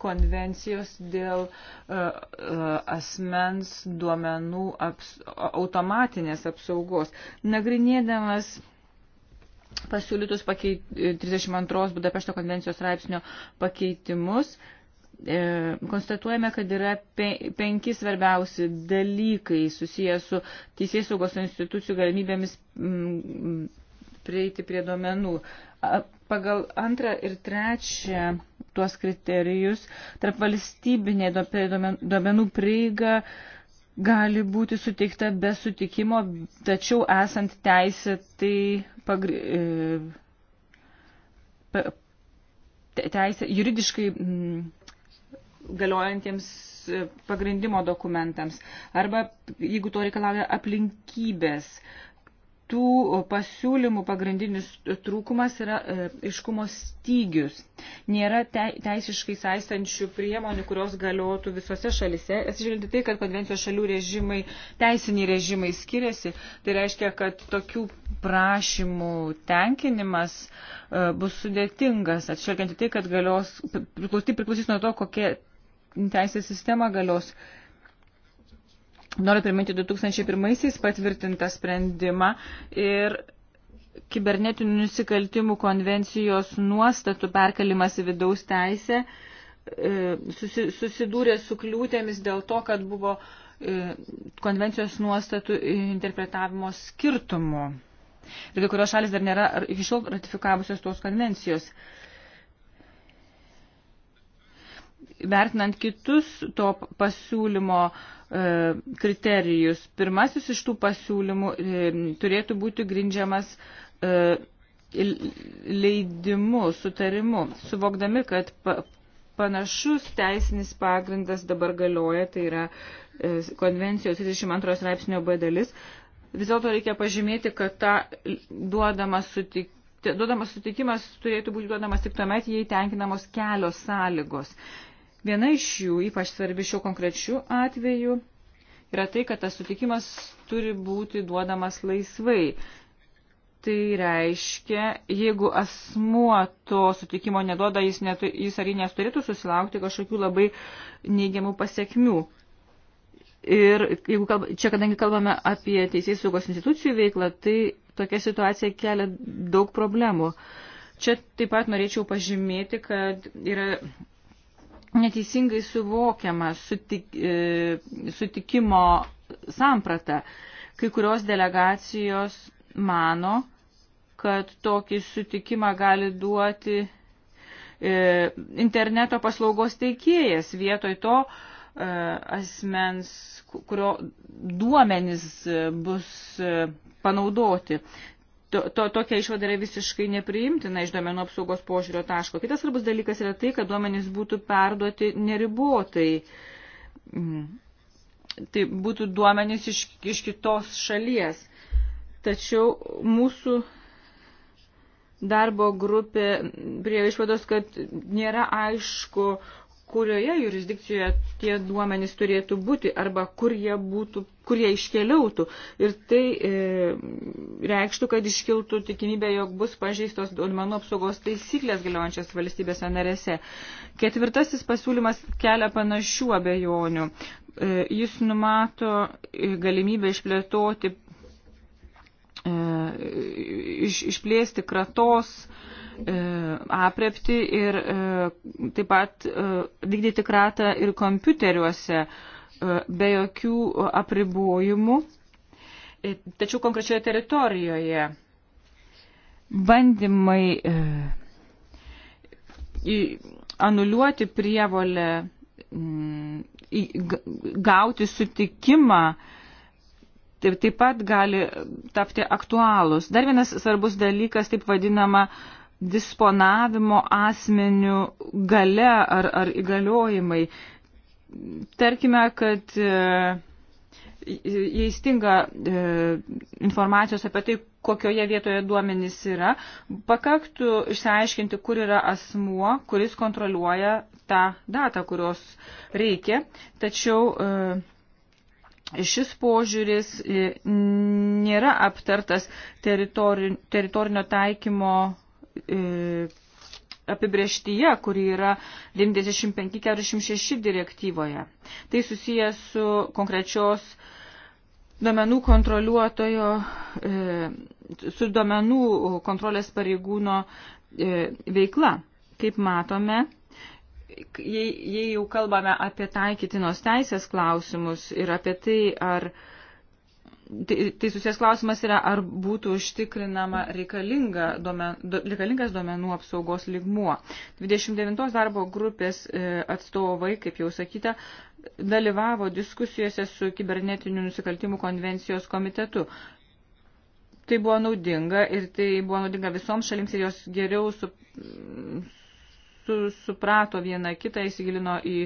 konvencijos dėl uh, uh, asmens duomenų aps, automatinės apsaugos. Nagrinėdamas pasiūlytus pakeit, 32 Budapešto konvencijos straipsnio pakeitimus, e, konstatuojame, kad yra pe, penki svarbiausi dalykai susijęs su teisės saugos institucijų galimybėmis m, prieiti prie duomenų. Pagal antrą ir trečią tuos kriterijus tarp valstybinė duomenų prieiga gali būti suteikta be sutikimo, tačiau esant teisė tai pagri... E, teisė, juridiškai mm, galiojantiems e, pagrindimo dokumentams arba jeigu to reikalauja aplinkybės tų pasiūlymų pagrindinis trūkumas yra e, iškumo stygius. Nėra teisiškai saistančių priemonių, kurios galiotų visose šalise. Atsižvelgiant tai, kad konvencijos šalių režimai, teisiniai režimai skiriasi, tai reiškia, kad tokių prašymų tenkinimas e, bus sudėtingas. Atsižvelgiant tai, kad galios, priklausys nuo to, kokia teisės sistema galios Noriu priminti 2001-aisiais patvirtintą sprendimą ir kibernetinių nusikaltimų konvencijos nuostatų perkelimas į vidaus teisę e, susidūrė su kliūtėmis dėl to, kad buvo e, konvencijos nuostatų interpretavimo skirtumų. Ir kai kurios šalis dar nėra iki šiol ratifikavusios tos konvencijos. Vertinant kitus to pasiūlymo uh, E, kriterijus. Pirmasis iš tų pasiūlymų e, turėtų būti grindžiamas e, leidimu, sutarimu, suvokdami, kad panašus teisinis pagrindas dabar galioja, tai yra konvencijos 32 straipsnio B dalis. Vis dėlto reikia pažymėti, kad ta duodama sutik duodamas sutikimas turėtų būti duodamas tik tuomet, jei tenkinamos kelios sąlygos. Viena iš jų, ypač svarbi šiuo konkrečiu atveju, yra tai, kad tas sutikimas turi būti duodamas laisvai. Tai reiškia, jeigu asmuo to sutikimo neduoda, jis, netu, jis ar jį neturėtų susilaukti kažkokių labai neigiamų pasiekmių. Ir jeigu kalb, čia, kadangi kalbame apie teisės saugos institucijų veiklą, tai tokia situacija kelia daug problemų. Čia taip pat norėčiau pažymėti, kad yra neteisingai suvokiama sutik, e, sutikimo samprata. Kai kurios delegacijos mano, kad tokį sutikimą gali duoti e, interneto paslaugos teikėjas vietoj to e, asmens, kurio duomenys bus panaudoti to, to, tokia išvada yra visiškai nepriimtina iš duomenų apsaugos požiūrio taško. Kitas svarbus dalykas yra tai, kad duomenys būtų perduoti neribotai. Mm. Tai būtų duomenys iš, iš kitos šalies. Tačiau mūsų darbo grupė prie išvados, kad nėra aišku, kurioje jurisdikcijoje tie duomenys turėtų būti arba kur jie, būtų, kur jie iškeliautų. Ir tai e, reikštų, kad iškiltų tikimybė, jog bus pažeistos duomenų apsaugos taisyklės galiojančios valstybėse narėse. Ketvirtasis pasiūlymas kelia panašių abejonių. E, jis numato e, galimybę išplėtoti E, iš, išplėsti kratos e, aprepti ir e, taip pat vykdyti kratą ir kompiuteriuose be jokių apribojimų, tačiau konkrečioje teritorijoje. Bandymai anuliuoti prievolę gauti sutikimą taip, taip pat gali tapti aktualūs. Dar vienas svarbus dalykas, taip vadinama, disponavimo asmenių gale ar, ar įgaliojimai. Tarkime, kad e, jei stinga e, informacijos apie tai, kokioje vietoje duomenys yra, pakaktų išsiaiškinti, kur yra asmuo, kuris kontroliuoja tą datą, kurios reikia. Tačiau e, šis požiūris e, nėra aptartas teritori, teritorinio taikymo e, apibrieštyje, kuri yra 95-46 direktyvoje. Tai susijęs su konkrečios duomenų kontroliuotojo, e, su duomenų kontrolės pareigūno veikla. Kaip matome, jei, jei jau kalbame apie taikytinos teisės klausimus ir apie tai, ar tai, tai susijęs klausimas yra, ar būtų užtikrinama reikalinga duomen, du, reikalingas duomenų apsaugos ligmuo. 29 darbo grupės e, atstovai, kaip jau sakyta, dalyvavo diskusijose su kibernetinių nusikaltimų konvencijos komitetu. Tai buvo naudinga ir tai buvo naudinga visoms šalims ir jos geriau su, su, suprato vieną kitą, įsigilino į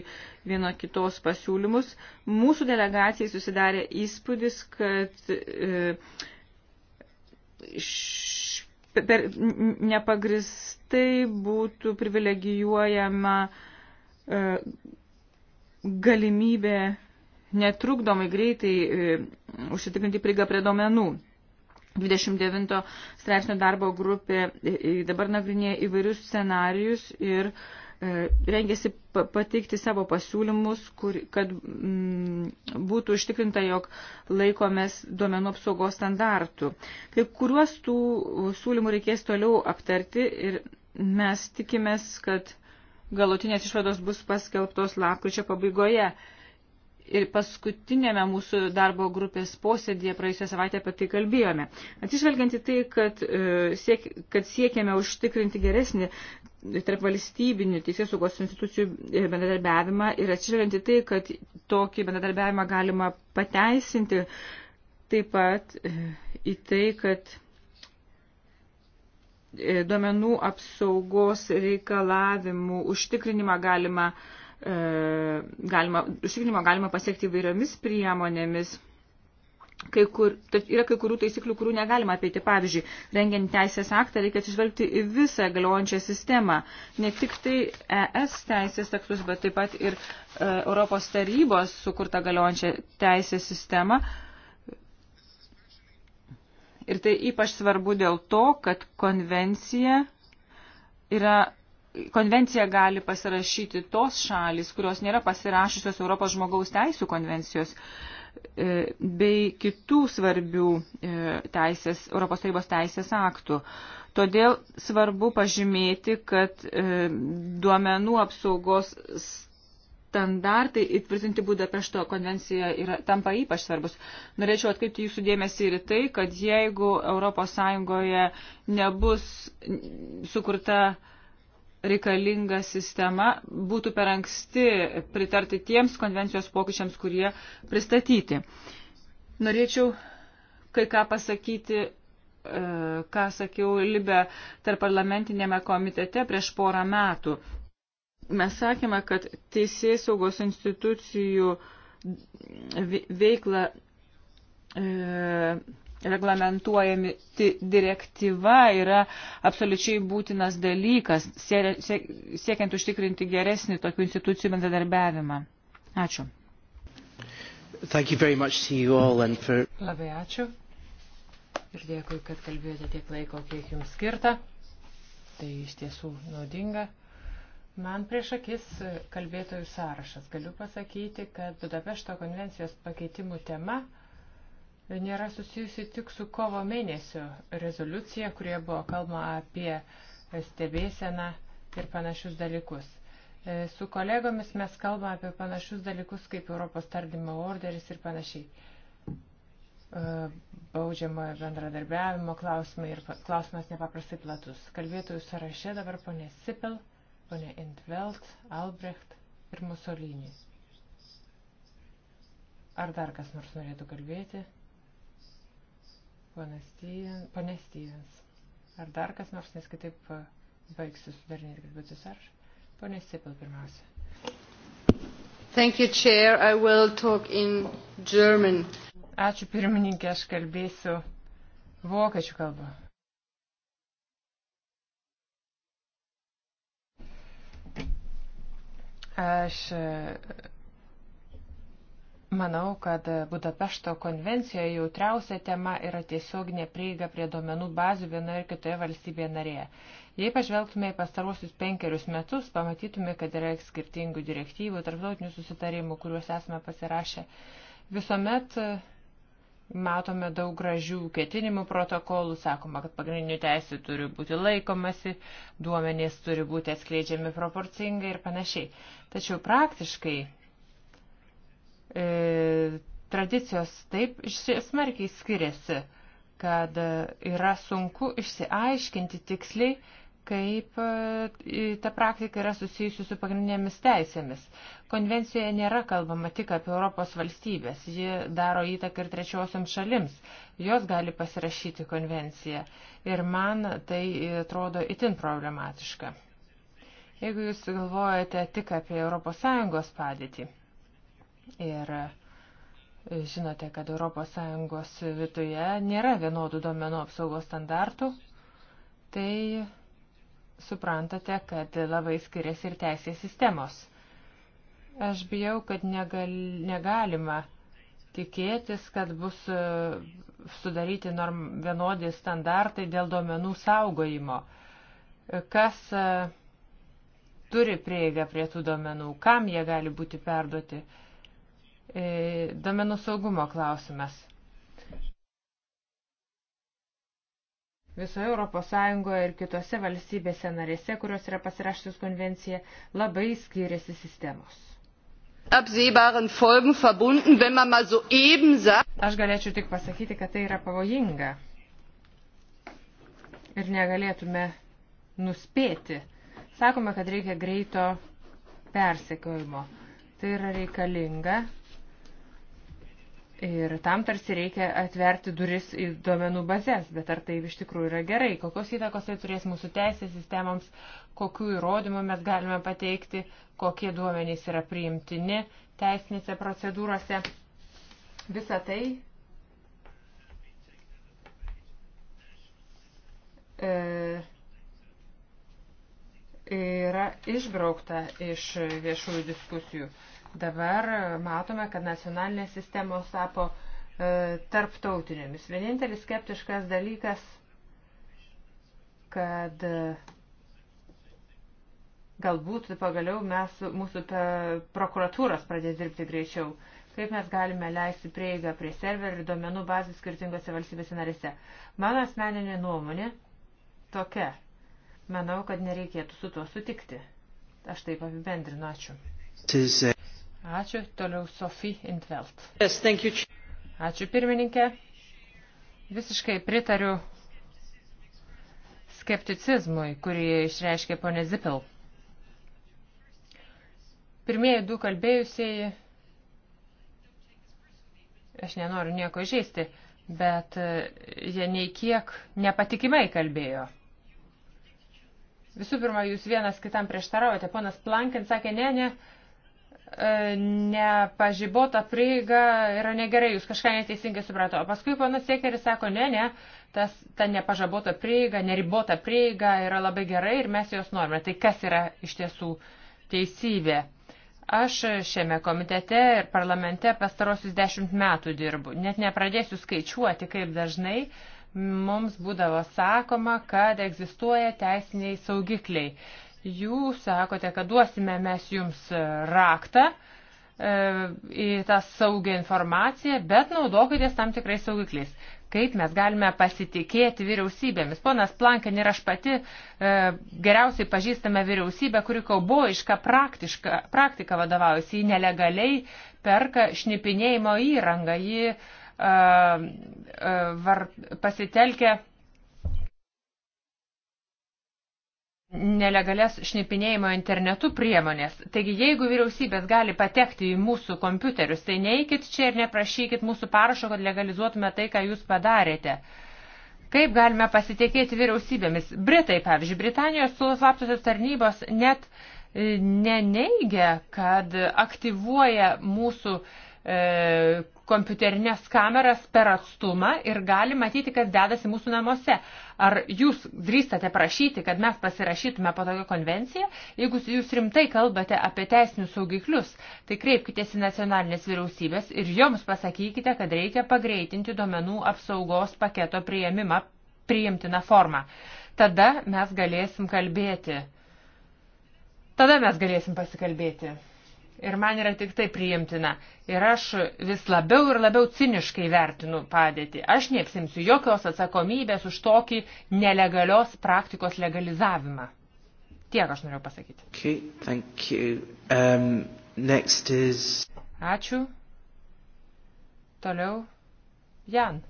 vieno kitos pasiūlymus. Mūsų delegacijai susidarė įspūdis, kad e, š, per, nepagristai būtų privilegijuojama e, galimybė netrukdomai greitai e, užsitikrinti prigą prie domenų. 29 straipsnio darbo grupė e, e, dabar nagrinėja įvairius scenarius ir e, rengėsi pateikti savo pasiūlymus, kur, kad m, mm, būtų užtikrinta, jog laikomės duomenų apsaugos standartų. Kai kuriuos tų siūlymų reikės toliau aptarti ir mes tikimės, kad galutinės išvados bus paskelbtos lapkričio pabaigoje ir paskutinėme mūsų darbo grupės posėdėje praėjusią savaitę apie tai kalbėjome. Atsižvelgiant į tai, kad, e, siek, kad siekiame užtikrinti geresnį tarp valstybinių teisės saugos institucijų e, bendradarbiavimą ir atsižvelgiant į tai, kad tokį bendradarbiavimą galima pateisinti, taip pat e, į tai, kad duomenų apsaugos reikalavimų užtikrinimą galima uh, E, galima, užtikrinimo galima pasiekti įvairiomis priemonėmis. Kai kur, yra kai kurių taisyklių, kurių negalima apeiti. Pavyzdžiui, rengiant teisės aktą reikia atsižvelgti į visą galiojančią sistemą. Ne tik tai ES teisės aktus, bet taip pat ir e, Europos tarybos sukurtą galiojančią teisės sistemą. Ir tai ypač svarbu dėl to, kad konvencija yra konvenciją gali pasirašyti tos šalis, kurios nėra pasirašysios Europos žmogaus teisų konvencijos e, bei kitų svarbių e, teisės, Europos tarybos teisės aktų. Todėl svarbu pažymėti, kad e, duomenų apsaugos standartai įtvirtinti Budapešto konvenciją yra, tampa ypač svarbus. Norėčiau atkreipti jūsų dėmesį ir tai, kad jeigu ES nebus sukurta uh, reikalinga sistema, būtų per anksti pritarti tiems konvencijos pokyčiams, kurie pristatyti. Norėčiau kai ką pasakyti, e, ką sakiau Libe tarp parlamentinėme komitete prieš porą metų. Mes sakėme, kad teisės saugos institucijų veikla e, reglamentuojami direktyva yra absoliučiai būtinas dalykas, siekiant užtikrinti geresnį tokių institucijų bendradarbiavimą. Ačiū. For... Labai ačiū ir dėkui, kad kalbėjote tiek laiko, kiek jums skirta. Tai iš tiesų naudinga. Man prieš akis kalbėtojų sąrašas. Galiu pasakyti, kad Budapešto konvencijos pakeitimų tema nėra susijusi tik su kovo mėnesio rezoliucija, kurioje buvo kalbama apie stebėseną ir panašius dalykus. E, su kolegomis mes kalbame apie panašius dalykus kaip Europos tardymo orderis ir panašiai. E, baudžiamojo bendradarbiavimo klausimai ir klausimas nepaprastai platus. Kalbėtojų sąraše dabar ponė Sipel, ponė Intvelt, Albrecht ir Mussolini. Ar dar kas nors norėtų kalbėti? Pane Stevens. Ar dar kas nors, nes kitaip e, baigsiu sudarinėti kalbėtus sąrašą. Pane Sipil pirmiausia. Thank you, Chair. I will talk in German. Ačiū pirmininkė, aš kalbėsiu vokiečių kalbą. Aš e, Manau, kad Budapešto konvencijoje jautriausia tema yra tiesioginė prieiga prie duomenų bazių vienoje ir kitoje valstybėje narėje. Jei pažvelgtume į pastaruosius penkerius metus, pamatytume, kad yra skirtingų direktyvų, tarptautinių susitarimų, kuriuos esame pasirašę. Visuomet e, matome daug gražių ketinimų protokolų, sakoma, kad pagrindinių teisų turi būti laikomasi, duomenys turi būti atskleidžiami proporcingai ir panašiai. Tačiau praktiškai e, tradicijos taip smarkiai skiriasi, kad e, yra sunku išsiaiškinti tiksliai, kaip e, ta praktika yra susijusi su pagrindinėmis teisėmis. Konvencijoje nėra kalbama tik apie Europos valstybės, ji daro įtaką ir trečiosiam šalims, jos gali pasirašyti konvenciją ir man tai atrodo itin problematiška. Jeigu jūs galvojate tik apie ES padėtį, Ir žinote, kad ES viduje nėra vienodų domenų apsaugos standartų, tai suprantate, kad labai skiriasi ir teisės sistemos. Aš bijau, kad negal, negalima tikėtis, kad bus e, sudaryti norm, vienodi standartai dėl duomenų saugojimo. Kas e, turi prieigą prie tų duomenų, kam jie gali būti perduoti E, domenų saugumo klausimas. Visoje Europos Sąjungoje ir kitose valstybėse narėse, kurios yra pasirašytos konvencija, labai skiriasi sistemos. Absehbaren Folgen verbunden, wenn man mal so eben sagt. Aš galėčiau tik pasakyti, kad tai yra pavojinga. Ir negalėtume nuspėti. Sakome, kad reikia greito persekiojimo. Tai yra reikalinga Ir tam tarsi reikia atverti duris į duomenų bazės, bet ar tai iš tikrųjų yra gerai, kokios įtakos tai turės mūsų teisės sistemams, kokiu įrodymu mes galime pateikti, kokie duomenys yra priimtini teisinėse procedūrose. Visa tai e, yra išbraukta iš viešųjų diskusijų. E, Dabar matome, kad nacionalinės sistemos tapo e, tarptautinėmis. Vienintelis skeptiškas dalykas, kad e, galbūt pagaliau mes, mūsų prokuratūros pradės dirbti greičiau. Kaip mes galime leisti prieigą prie serverių ir duomenų bazų skirtingose valstybėse narėse. Mano asmeninė nuomonė tokia. Manau, kad nereikėtų su tuo sutikti. Aš taip apibendrinu. Ačiū. Ačiū. Toliau Sophie Intveld. Yes, thank you. Ačiū pirmininkė. Visiškai pritariu skepticizmui, kurį išreiškė ponė Zipil. Pirmieji du kalbėjusieji, aš nenoriu nieko žaisti, bet e, jie nei kiek nepatikimai kalbėjo. Visų pirma, jūs vienas kitam prieštaraujate. Ponas Plankin sakė, ne, ne, E, nepažibota prieiga yra negerai, jūs kažką neteisingai suprato. O paskui panas Siekeris sako, ne, ne, tas, ta nepažabota prieiga, neribota prieiga yra labai gerai ir mes jos norime. Tai kas yra iš tiesų teisybė? Aš šiame komitete ir parlamente pastarosius dešimt metų dirbu. Net nepradėsiu skaičiuoti, kaip dažnai mums būdavo sakoma, kad egzistuoja teisiniai saugikliai Jūs sakote, kad duosime mes jums raktą e, į tą saugią informaciją, bet naudokitės tam tikrai saugikliais. Kaip mes galime pasitikėti vyriausybėmis? Ponas Plankin ir aš pati e, geriausiai pažįstame vyriausybę, kuri kauboišką praktiką vadovaujasi. Ji nelegaliai perka šnipinėjimo įrangą, ji e, e, var, pasitelkia nelegalias šnipinėjimo internetu priemonės. Taigi, jeigu vyriausybės gali patekti į mūsų kompiuterius, tai neikit čia ir neprašykit mūsų parašo, kad legalizuotume tai, ką jūs padarėte. Kaip galime pasitikėti vyriausybėmis? Britai, pavyzdžiui, Britanijos slaptosios tarnybos net e, neneigia, kad aktyvuoja mūsų uh, E, kompiuterinės kameras per atstumą ir gali matyti, kas dedasi mūsų namuose. Ar jūs drįstate prašyti, kad mes pasirašytume po tokią konvenciją? Jeigu jūs rimtai kalbate apie teisinius saugiklius, tai kreipkitės į nacionalinės vyriausybės ir joms pasakykite, kad reikia pagreitinti duomenų apsaugos paketo prieimimą priimtiną formą. Tada mes galėsim kalbėti. Tada mes galėsim pasikalbėti ir man yra tik tai priimtina. Ir aš vis labiau ir labiau ciniškai vertinu padėtį. Aš neapsimsiu jokios atsakomybės už tokį nelegalios praktikos legalizavimą. Tiek aš noriu pasakyti. Okay, thank you. Um, next is... Ačiū. Toliau. Jan.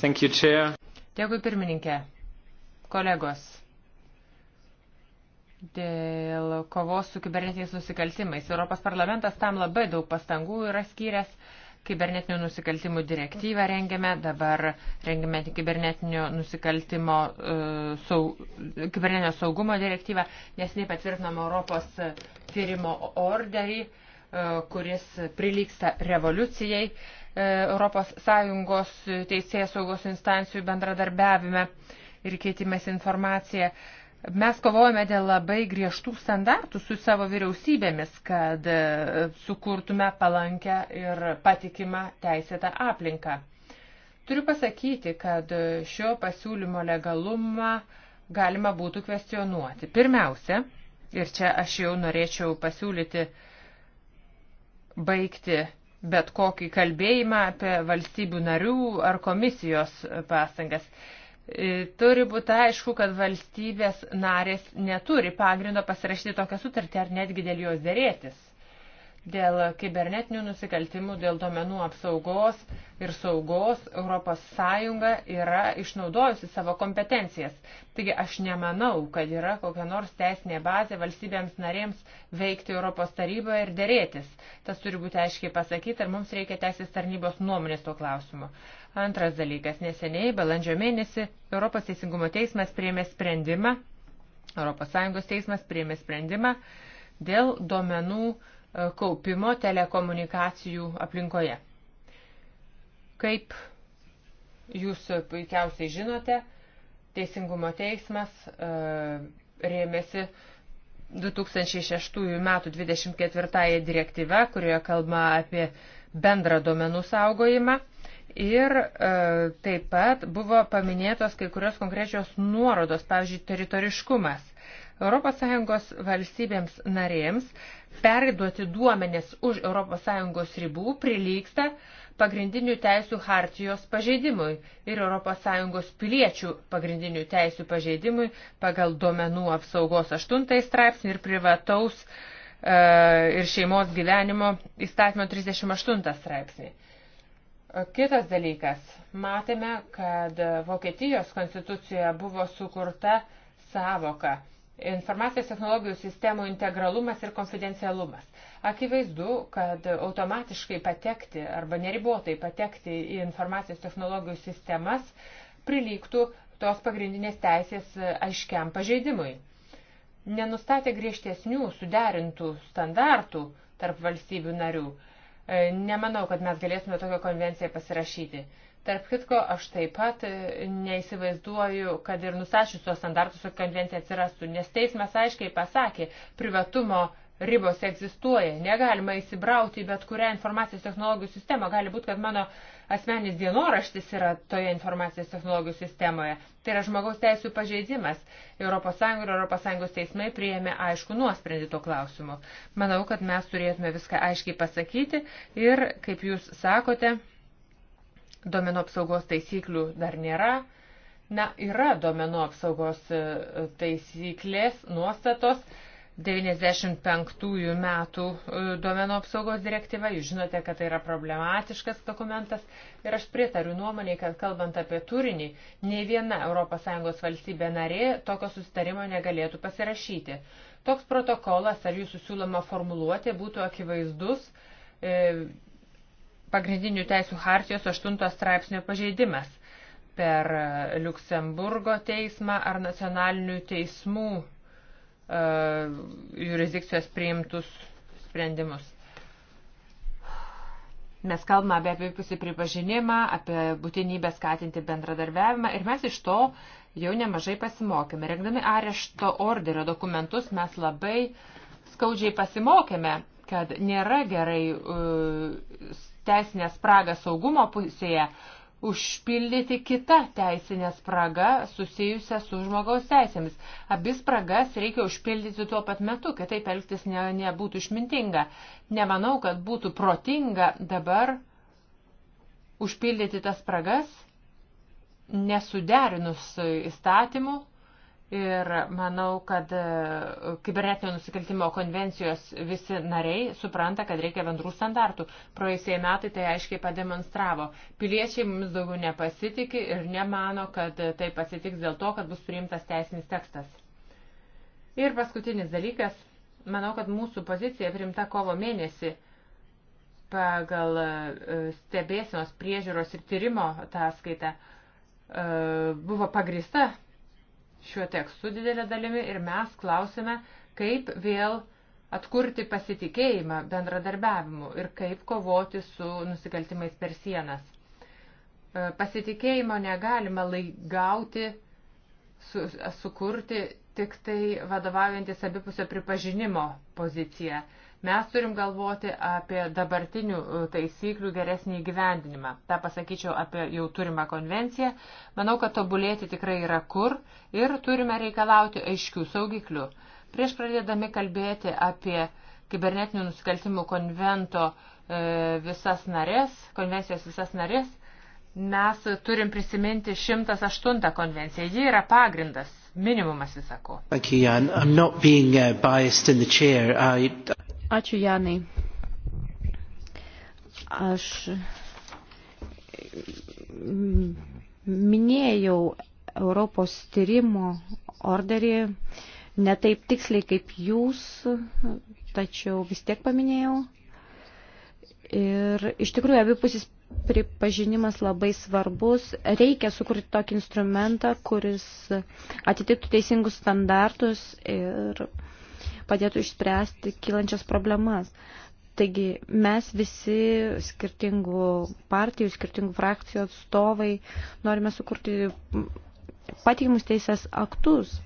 Thank you, Chair. Dėkui pirmininkė. Kolegos dėl kovos su kibernetiniais nusikaltimais. Europos parlamentas tam labai daug pastangų yra skyręs. Kibernetinių nusikaltimų direktyvą rengiame, dabar rengiame kibernetinio nusikaltimo, e, sau, kibernetinio saugumo direktyvą, nes nei patvirtinam Europos tyrimo orderį, e, kuris prilyksta revoliucijai e, Europos Sąjungos teisėjų saugos instancijų bendradarbiavime ir keitimas informacija. Mes kovojame dėl labai griežtų standartų su savo vyriausybėmis, kad e, sukurtume palankę ir patikimą teisėtą aplinką. Turiu pasakyti, kad šio pasiūlymo legalumą galima būtų kvestionuoti. Pirmiausia, ir čia aš jau norėčiau pasiūlyti baigti bet kokį kalbėjimą apie valstybių narių ar komisijos pastangas. E, turi būti aišku, kad valstybės narės neturi pagrindo pasirašyti tokią sutartį ar netgi dėl jos dėrėtis. Dėl kibernetinių nusikaltimų, dėl domenų apsaugos ir saugos ES yra išnaudojusi savo kompetencijas. Taigi aš nemanau, kad yra kokia nors teisinė bazė valstybėms narėms veikti Europos taryboje ir dėrėtis. Tas turi būti aiškiai pasakyti ir mums reikia teisės tarnybos nuomonės tuo klausimu. Antras dalykas. Neseniai, balandžio mėnesį, Europos Teisingumo teismas priėmė sprendimą, ES teismas priėmė sprendimą dėl duomenų kaupimo telekomunikacijų aplinkoje. Kaip jūs puikiausiai žinote, Teisingumo teismas e, rėmėsi 2006 m. 24 direktyve, kurioje kalba apie bendrą duomenų saugojimą. Ir e, taip pat buvo paminėtos kai kurios konkrečios nuorodos, pavyzdžiui, teritoriškumas. ES valstybėms narėms perduoti duomenis už ES ribų prilyksta pagrindinių teisų hartijos pažeidimui ir ES piliečių pagrindinių teisų pažeidimui pagal duomenų apsaugos 8 straipsnį ir privataus e, ir šeimos gyvenimo įstatymo 38 straipsnį. E, kitas dalykas. Matėme, kad Vokietijos konstitucijoje buvo sukurta savoka informacijos technologijų sistemų integralumas ir konfidencialumas. Akivaizdu, kad automatiškai patekti arba neribotai patekti į informacijos technologijų sistemas prilygtų tos pagrindinės teisės aiškiam pažeidimui. Nenustatė griežtesnių suderintų standartų tarp valstybių narių. E, nemanau, kad mes galėsime tokią konvenciją pasirašyti. Tarp kitko, aš taip pat e, neįsivaizduoju, kad ir nusačius tuos standartus konvencija atsirastų, nes teismas aiškiai pasakė, privatumo ribos egzistuoja, negalima įsibrauti į bet kurią informacijos technologijų sistemą. Gali būti, kad mano asmenis dienoraštis yra toje informacijos technologijų sistemoje. Tai yra žmogaus teisų pažeidimas. ES ir ES teismai prieėmė aišku nuosprendį tuo klausimu. Manau, kad mes turėtume viską aiškiai pasakyti ir, kaip jūs sakote, Domino apsaugos taisyklių dar nėra. Na, yra domeno apsaugos e, taisyklės, nuostatos. 95 metų e, duomenų apsaugos direktyva. Jūs žinote, kad tai yra problematiškas dokumentas ir aš pritariu nuomonėj, kad kalbant apie turinį, nei viena ES valstybė narė tokio sustarimo negalėtų pasirašyti. Toks protokolas ar jūsų siūloma formuluotė būtų akivaizdus e, pagrindinių teisų hartijos 8 straipsnio pažeidimas per Luksemburgo teismą ar nacionalinių teismų e, jurisdikcijos priimtus sprendimus. Mes kalbame apie abipusį pripažinimą, apie būtinybę skatinti bendradarbiavimą ir mes iš to jau nemažai pasimokėme. Rengdami arešto orderio dokumentus mes labai skaudžiai pasimokėme, kad nėra gerai uh, teisinę spragą saugumo pusėje užpildyti kitą teisinę spragą susijusią su žmogaus teisėmis. Abi spragas reikia užpildyti tuo pat metu, kitaip elgtis ne, nebūtų išmintinga. Nemanau, kad būtų protinga dabar užpildyti tas spragas, nesuderinus įstatymų Ir manau, kad e, kibernetinio nusikaltimo konvencijos visi nariai supranta, kad reikia bendrų standartų. Praėjusiai metai tai aiškiai pademonstravo. Piliečiai mums daugiau nepasitiki ir nemano, kad tai pasitiks dėl to, kad bus priimtas teisinis tekstas. Ir paskutinis dalykas. Manau, kad mūsų pozicija priimta kovo mėnesį pagal e, stebėsinos priežiūros ir tyrimo ataskaitą e, buvo pagrista šiuo tekstu didelė dalimi ir mes klausime, kaip vėl atkurti pasitikėjimą bendradarbiavimu ir kaip kovoti su nusikaltimais per sienas. E, pasitikėjimo negalima gauti, su, sukurti tik tai vadovaujantis abipusio pripažinimo poziciją. Mes turim galvoti apie dabartinių e, taisyklių geresnį įgyvendinimą. Ta pasakyčiau apie jau turimą konvenciją. Manau, kad tobulėti tikrai yra kur ir turime reikalauti aiškių saugiklių. Prieš pradėdami kalbėti apie kibernetinių nusikaltimų konvento e, visas narės, konvencijos visas narės, mes turim prisiminti 108 konvenciją. Ji yra pagrindas, minimumas visako. You, uh, I... Ačiū, Janai. Aš minėjau Europos tyrimo orderį ne taip tiksliai kaip jūs, tačiau vis tiek paminėjau. Ir iš tikrųjų abipusis pripažinimas labai svarbus. Reikia sukurti tokį instrumentą, kuris atitiktų teisingus standartus ir uh, padėtų išspręsti kylančias problemas. Taigi mes visi skirtingų partijų, skirtingų frakcijų atstovai norime sukurti patikimus teisės aktus.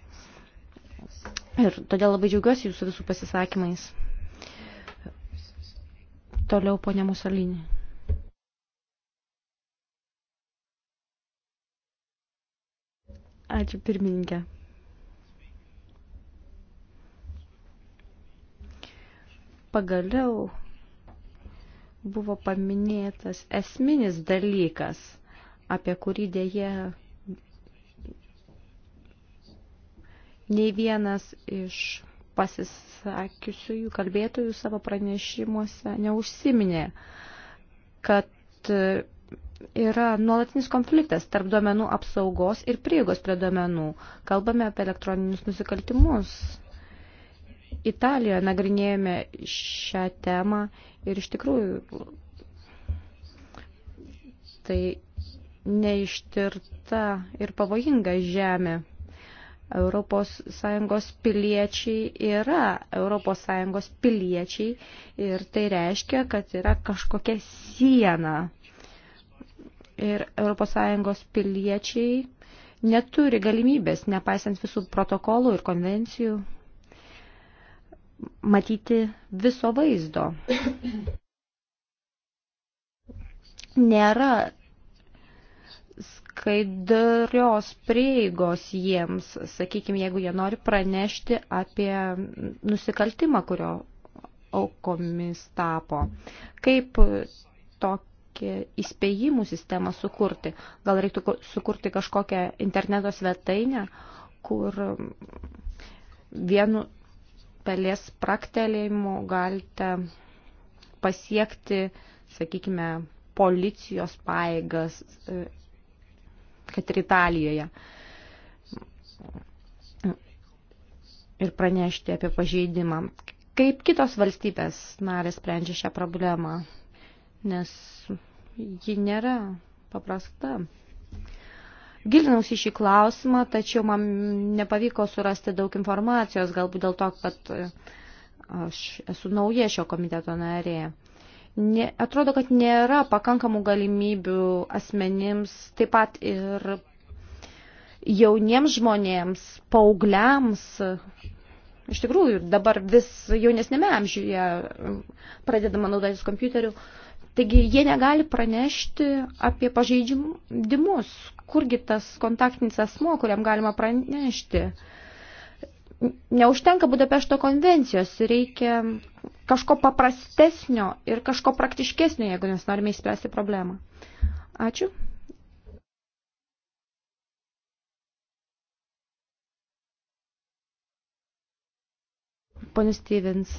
Ir todėl labai džiaugiuosi jūsų visų pasisakymais. Toliau ponia Musolinė. Ačiū pirmininkė. pagaliau buvo paminėtas esminis dalykas, apie kurį dėje nei vienas iš pasisakiusiųjų kalbėtojų savo pranešimuose neužsiminė, kad yra nuolatinis konfliktas tarp duomenų apsaugos ir prieigos prie duomenų. Kalbame apie elektroninius nusikaltimus Italijoje nagrinėjome šią temą ir iš tikrųjų tai neištirta ir pavojinga žemė. ES piliečiai yra ES piliečiai ir tai reiškia, kad yra kažkokia siena. Ir ES piliečiai neturi galimybės, nepaisant visų protokolų ir konvencijų, matyti viso vaizdo. Nėra skaidrios prieigos jiems, sakykime, jeigu jie nori pranešti apie nusikaltimą, kurio aukomis tapo. Kaip tokią įspėjimų sistemą sukurti? Gal reiktų sukurti kažkokią interneto svetainę, kur vienu pelės praktelėjimu galite pasiekti, sakykime, policijos paėgas, e, kad ir Italijoje. Ir pranešti apie pažeidimą. Kaip kitos valstybės narės sprendžia šią problemą, nes ji nėra paprasta. Gilinausi šį klausimą, tačiau man nepavyko surasti daug informacijos, galbūt dėl to, kad e, aš esu nauja šio komiteto narė. Ne, atrodo, kad nėra pakankamų galimybių asmenims, taip pat ir jauniems žmonėms, paaugliams. Iš tikrųjų, dabar vis jaunesnėme amžiuje e, pradedama naudotis kompiuteriu. Taigi jie negali pranešti apie pažeidimus, kurgi tas kontaktinis asmo, kuriam galima pranešti. Neužtenka Budapešto konvencijos, reikia kažko paprastesnio ir kažko praktiškesnio, jeigu mes norime įspręsti problemą. Ačiū. Pane Stevens,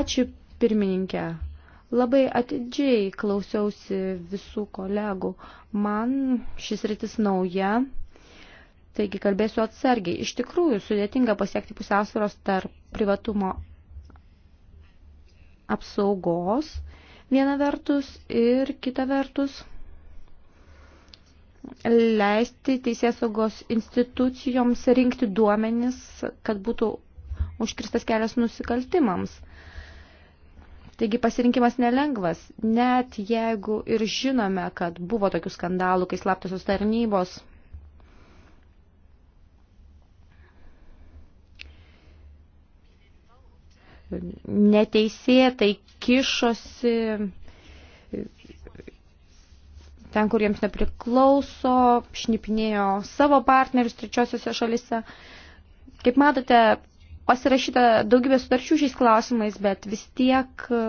ačiū pirmininkė. Labai atidžiai klausiausi visų kolegų. Man šis rytis nauja, taigi kalbėsiu atsargiai. Iš tikrųjų, sudėtinga pasiekti pusiausvėros tarp privatumo apsaugos viena vertus ir kita vertus leisti teisėsaugos institucijoms rinkti duomenis, kad būtų užkristas kelias nusikaltimams. Taigi pasirinkimas nelengvas, net jeigu ir žinome, kad buvo tokių skandalų, kai slaptosios tarnybos neteisėtai kišosi ten, kur jiems nepriklauso, šnipinėjo savo partnerius trečiosiuose šalise. Kaip matote, pasirašyta daugybė sutarčių šiais klausimais, bet vis tiek e,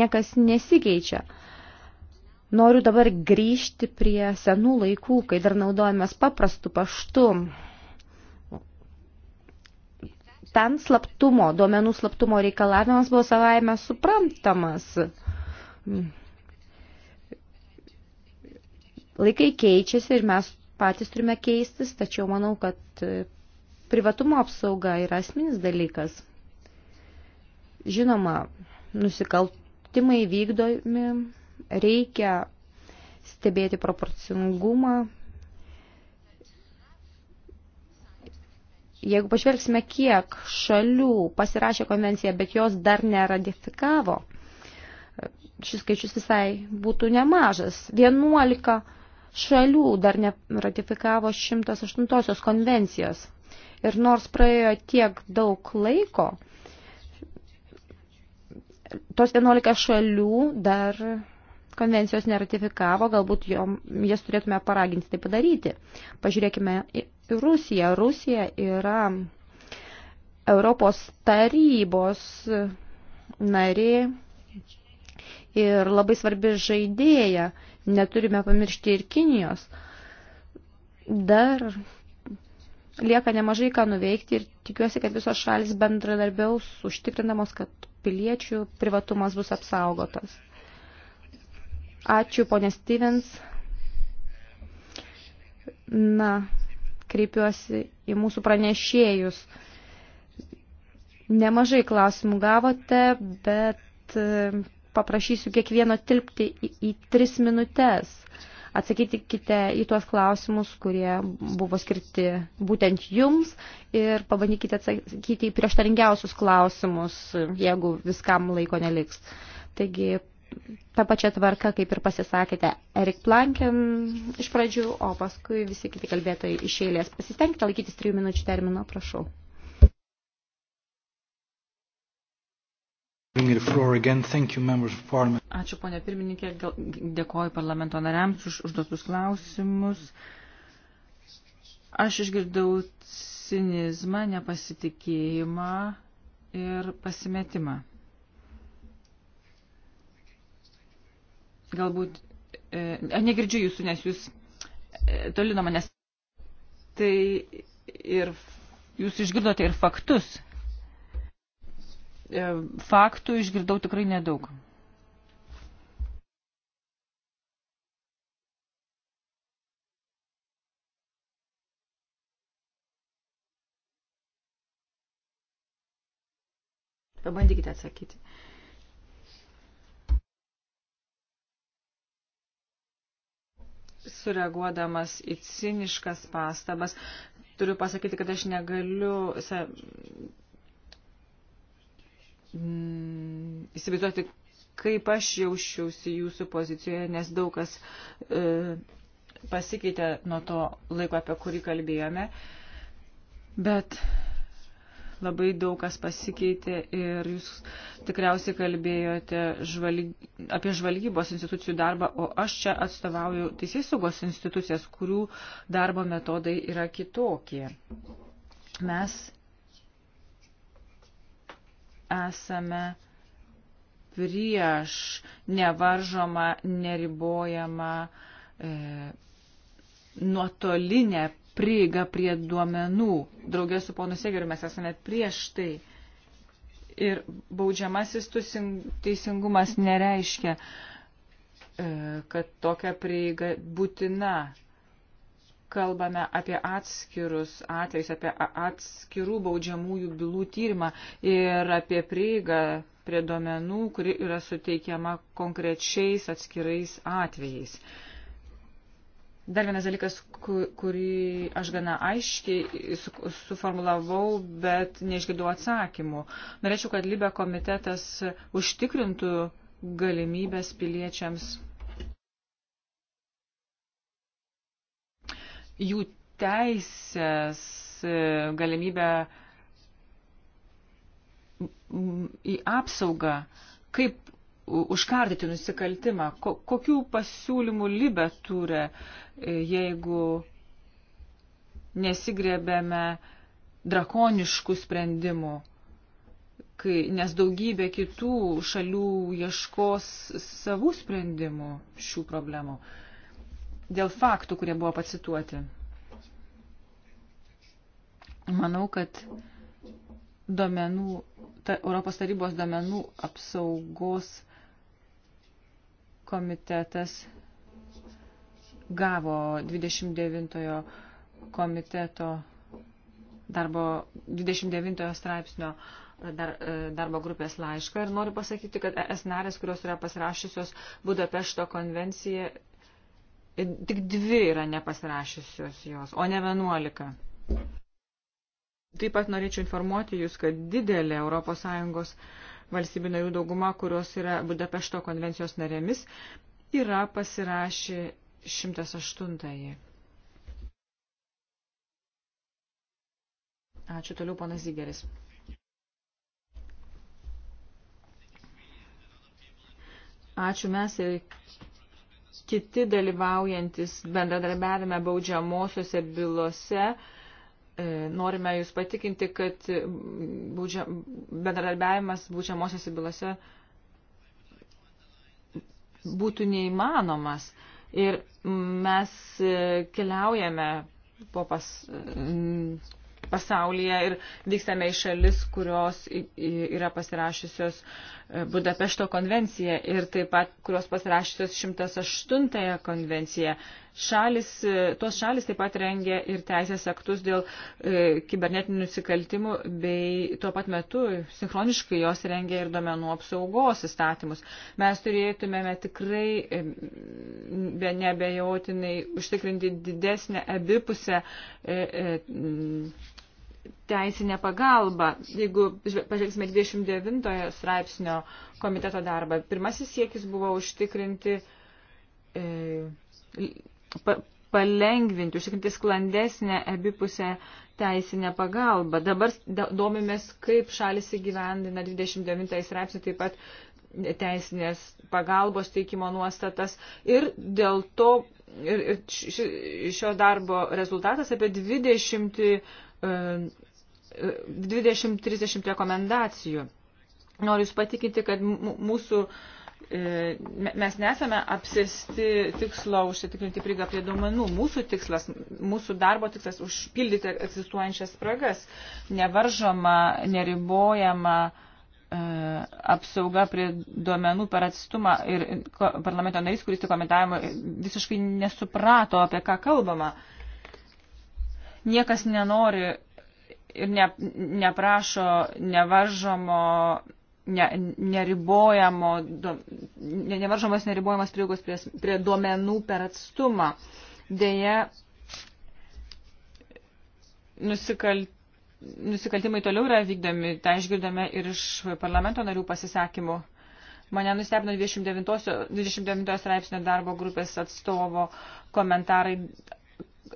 niekas nesikeičia. Noriu dabar grįžti prie senų laikų, kai dar naudojamės paprastu paštu. Ten slaptumo, duomenų slaptumo reikalavimas buvo savaime suprantamas. Laikai keičiasi ir mes patys turime keistis, tačiau manau, kad e, privatumo apsauga yra asmenis dalykas. Žinoma, nusikaltimai vykdomi, reikia stebėti proporcingumą. Jeigu pažvelgsime, kiek šalių pasirašė konvenciją, bet jos dar neratifikavo, šis skaičius visai būtų nemažas. 11 šalių dar neratifikavo 108 konvencijos. Ir nors praėjo tiek daug laiko, tos 11 šalių dar konvencijos neratifikavo, galbūt jom, jas turėtume paraginti tai padaryti. Pažiūrėkime į Rusiją. Rusija yra Europos tarybos narė ir labai svarbi žaidėja. Neturime pamiršti ir Kinijos. Dar lieka nemažai ką nuveikti ir tikiuosi, kad visos šalis bendradarbiaus užtikrinamos, kad piliečių privatumas bus apsaugotas. Ačiū, ponė Stevens. Na, kreipiuosi į mūsų pranešėjus. Nemažai klausimų gavote, bet paprašysiu kiekvieno tilpti į, į tris minutės. Atsakykite į tuos klausimus, kurie buvo skirti būtent jums ir pabandykite atsakyti į prieštaringiausius klausimus, jeigu viskam laiko neliks. Taigi, tą pačią tvarką, kaip ir pasisakėte, Erik Plankiam iš pradžių, o paskui visi kiti kalbėtojai iš eilės. Pasistengkite laikytis trijų minučių termino, prašau. Ačiū, ponė pirmininkė, dėkoju parlamento nariams už užduotus klausimus. Aš išgirdau cinizmą, nepasitikėjimą ir pasimetimą. Galbūt, e, negirdžiu jūsų, nes jūs e, toli nuo manęs. Tai ir jūs išgirdote ir faktus, E, faktų išgirdau tikrai nedaug. Pabandykite atsakyti. Sureaguodamas į ciniškas pastabas, turiu pasakyti, kad aš negaliu mm, įsivaizduoti, kaip aš jausčiausi jūsų pozicijoje, nes daug kas e, pasikeitė nuo to laiko, apie kurį kalbėjome, bet labai daug kas pasikeitė ir jūs tikriausiai kalbėjote žvalg... apie žvalgybos institucijų darbą, o aš čia atstovauju teisės saugos institucijas, kurių darbo metodai yra kitokie. Mes esame prieš nevaržomą, neribojamą e, nuotolinę prieigą prie duomenų. Draugė su ponu Segeriu mes esame prieš tai. Ir baudžiamasis teisingumas nereiškia, e, kad tokia prieiga būtina kalbame apie atskirus atvejus, apie atskirų baudžiamųjų bylų tyrimą ir apie prieigą prie domenų, kuri yra suteikiama konkrečiais atskirais atvejais. Dar vienas dalykas, kurį aš gana aiškiai suformulavau, bet neišgirdau atsakymų. Norėčiau, kad Libė komitetas užtikrintų galimybės piliečiams jų teisės e, galimybę į apsaugą, kaip užkardyti nusikaltimą, ko, kokių pasiūlymų libė turi, e, jeigu nesigrėbėme drakoniškų sprendimų, kai, nes daugybė kitų šalių ieškos savų sprendimų šių problemų. Uh, dėl faktų, kurie buvo pacituoti. Manau, kad domenų, ta, Europos tarybos domenų apsaugos komitetas gavo 29 komiteto darbo 29 straipsnio e, dar, e, darbo grupės laišką ir noriu pasakyti, kad ES narės, kurios yra pasirašysios Budapešto konvenciją, Tik dvi yra nepasirašysios jos, o ne vienuolika. Taip pat norėčiau informuoti Jūs, kad didelė ES valstybių narių dauguma, kurios yra Budapešto konvencijos narėmis, yra pasirašę 108. Ačiū toliau, ponas Zygeris. Ačiū mes ir kiti dalyvaujantis bendradarbiavime baudžiamosiuose bylose. E, norime Jūs patikinti, kad būdžia, bendradarbiavimas būdžiamosiuose bylose būtų neįmanomas. Ir mes e, keliaujame po pas, pasaulyje ir vykstame į šalis, kurios yra pasirašysios Budapešto konvenciją ir taip pat, kurios pasirašytos 108 konvenciją. Šalis, tos šalis taip pat rengia ir teisės aktus dėl e, kibernetinių nusikaltimų, bei tuo pat metu sinchroniškai jos rengia ir domenų apsaugos įstatymus. Mes turėtumėme tikrai e, be nebejotinai užtikrinti didesnę abipusę e, e, teisinę pagalbą. Jeigu pažvelgsime 29 straipsnio komiteto darbą, pirmasis siekis buvo užtikrinti, e, pa, palengvinti, užtikrinti sklandesnę abipusę teisinę pagalbą. Dabar domimės, kaip šalis įgyvendina 29 straipsnį, taip pat teisinės pagalbos teikimo nuostatas ir dėl to ir, ir šio darbo rezultatas apie 20 20-30 rekomendacijų. Noriu Jūs patikinti, kad mūsų e, mes nesame apsėsti tikslo užsitikrinti prigą prie duomenų. Mūsų tikslas, mūsų darbo tikslas užpildyti egzistuojančias spragas, nevaržoma, neribojama e, apsauga prie duomenų per atstumą ir parlamento narys, kuris tik komentavimo e, visiškai nesuprato, apie ką kalbama. Niekas nenori ir ne, neprašo nevaržomo, ne, neribojamo, do, ne, nevaržomos neribojamos prieigos prie, prie duomenų per atstumą. Deja, nusikalt, nusikaltimai toliau yra vykdomi, tą išgirdome ir iš parlamento narių pasisakymų. Mane nustebino 29, 29 straipsnio darbo grupės atstovo komentarai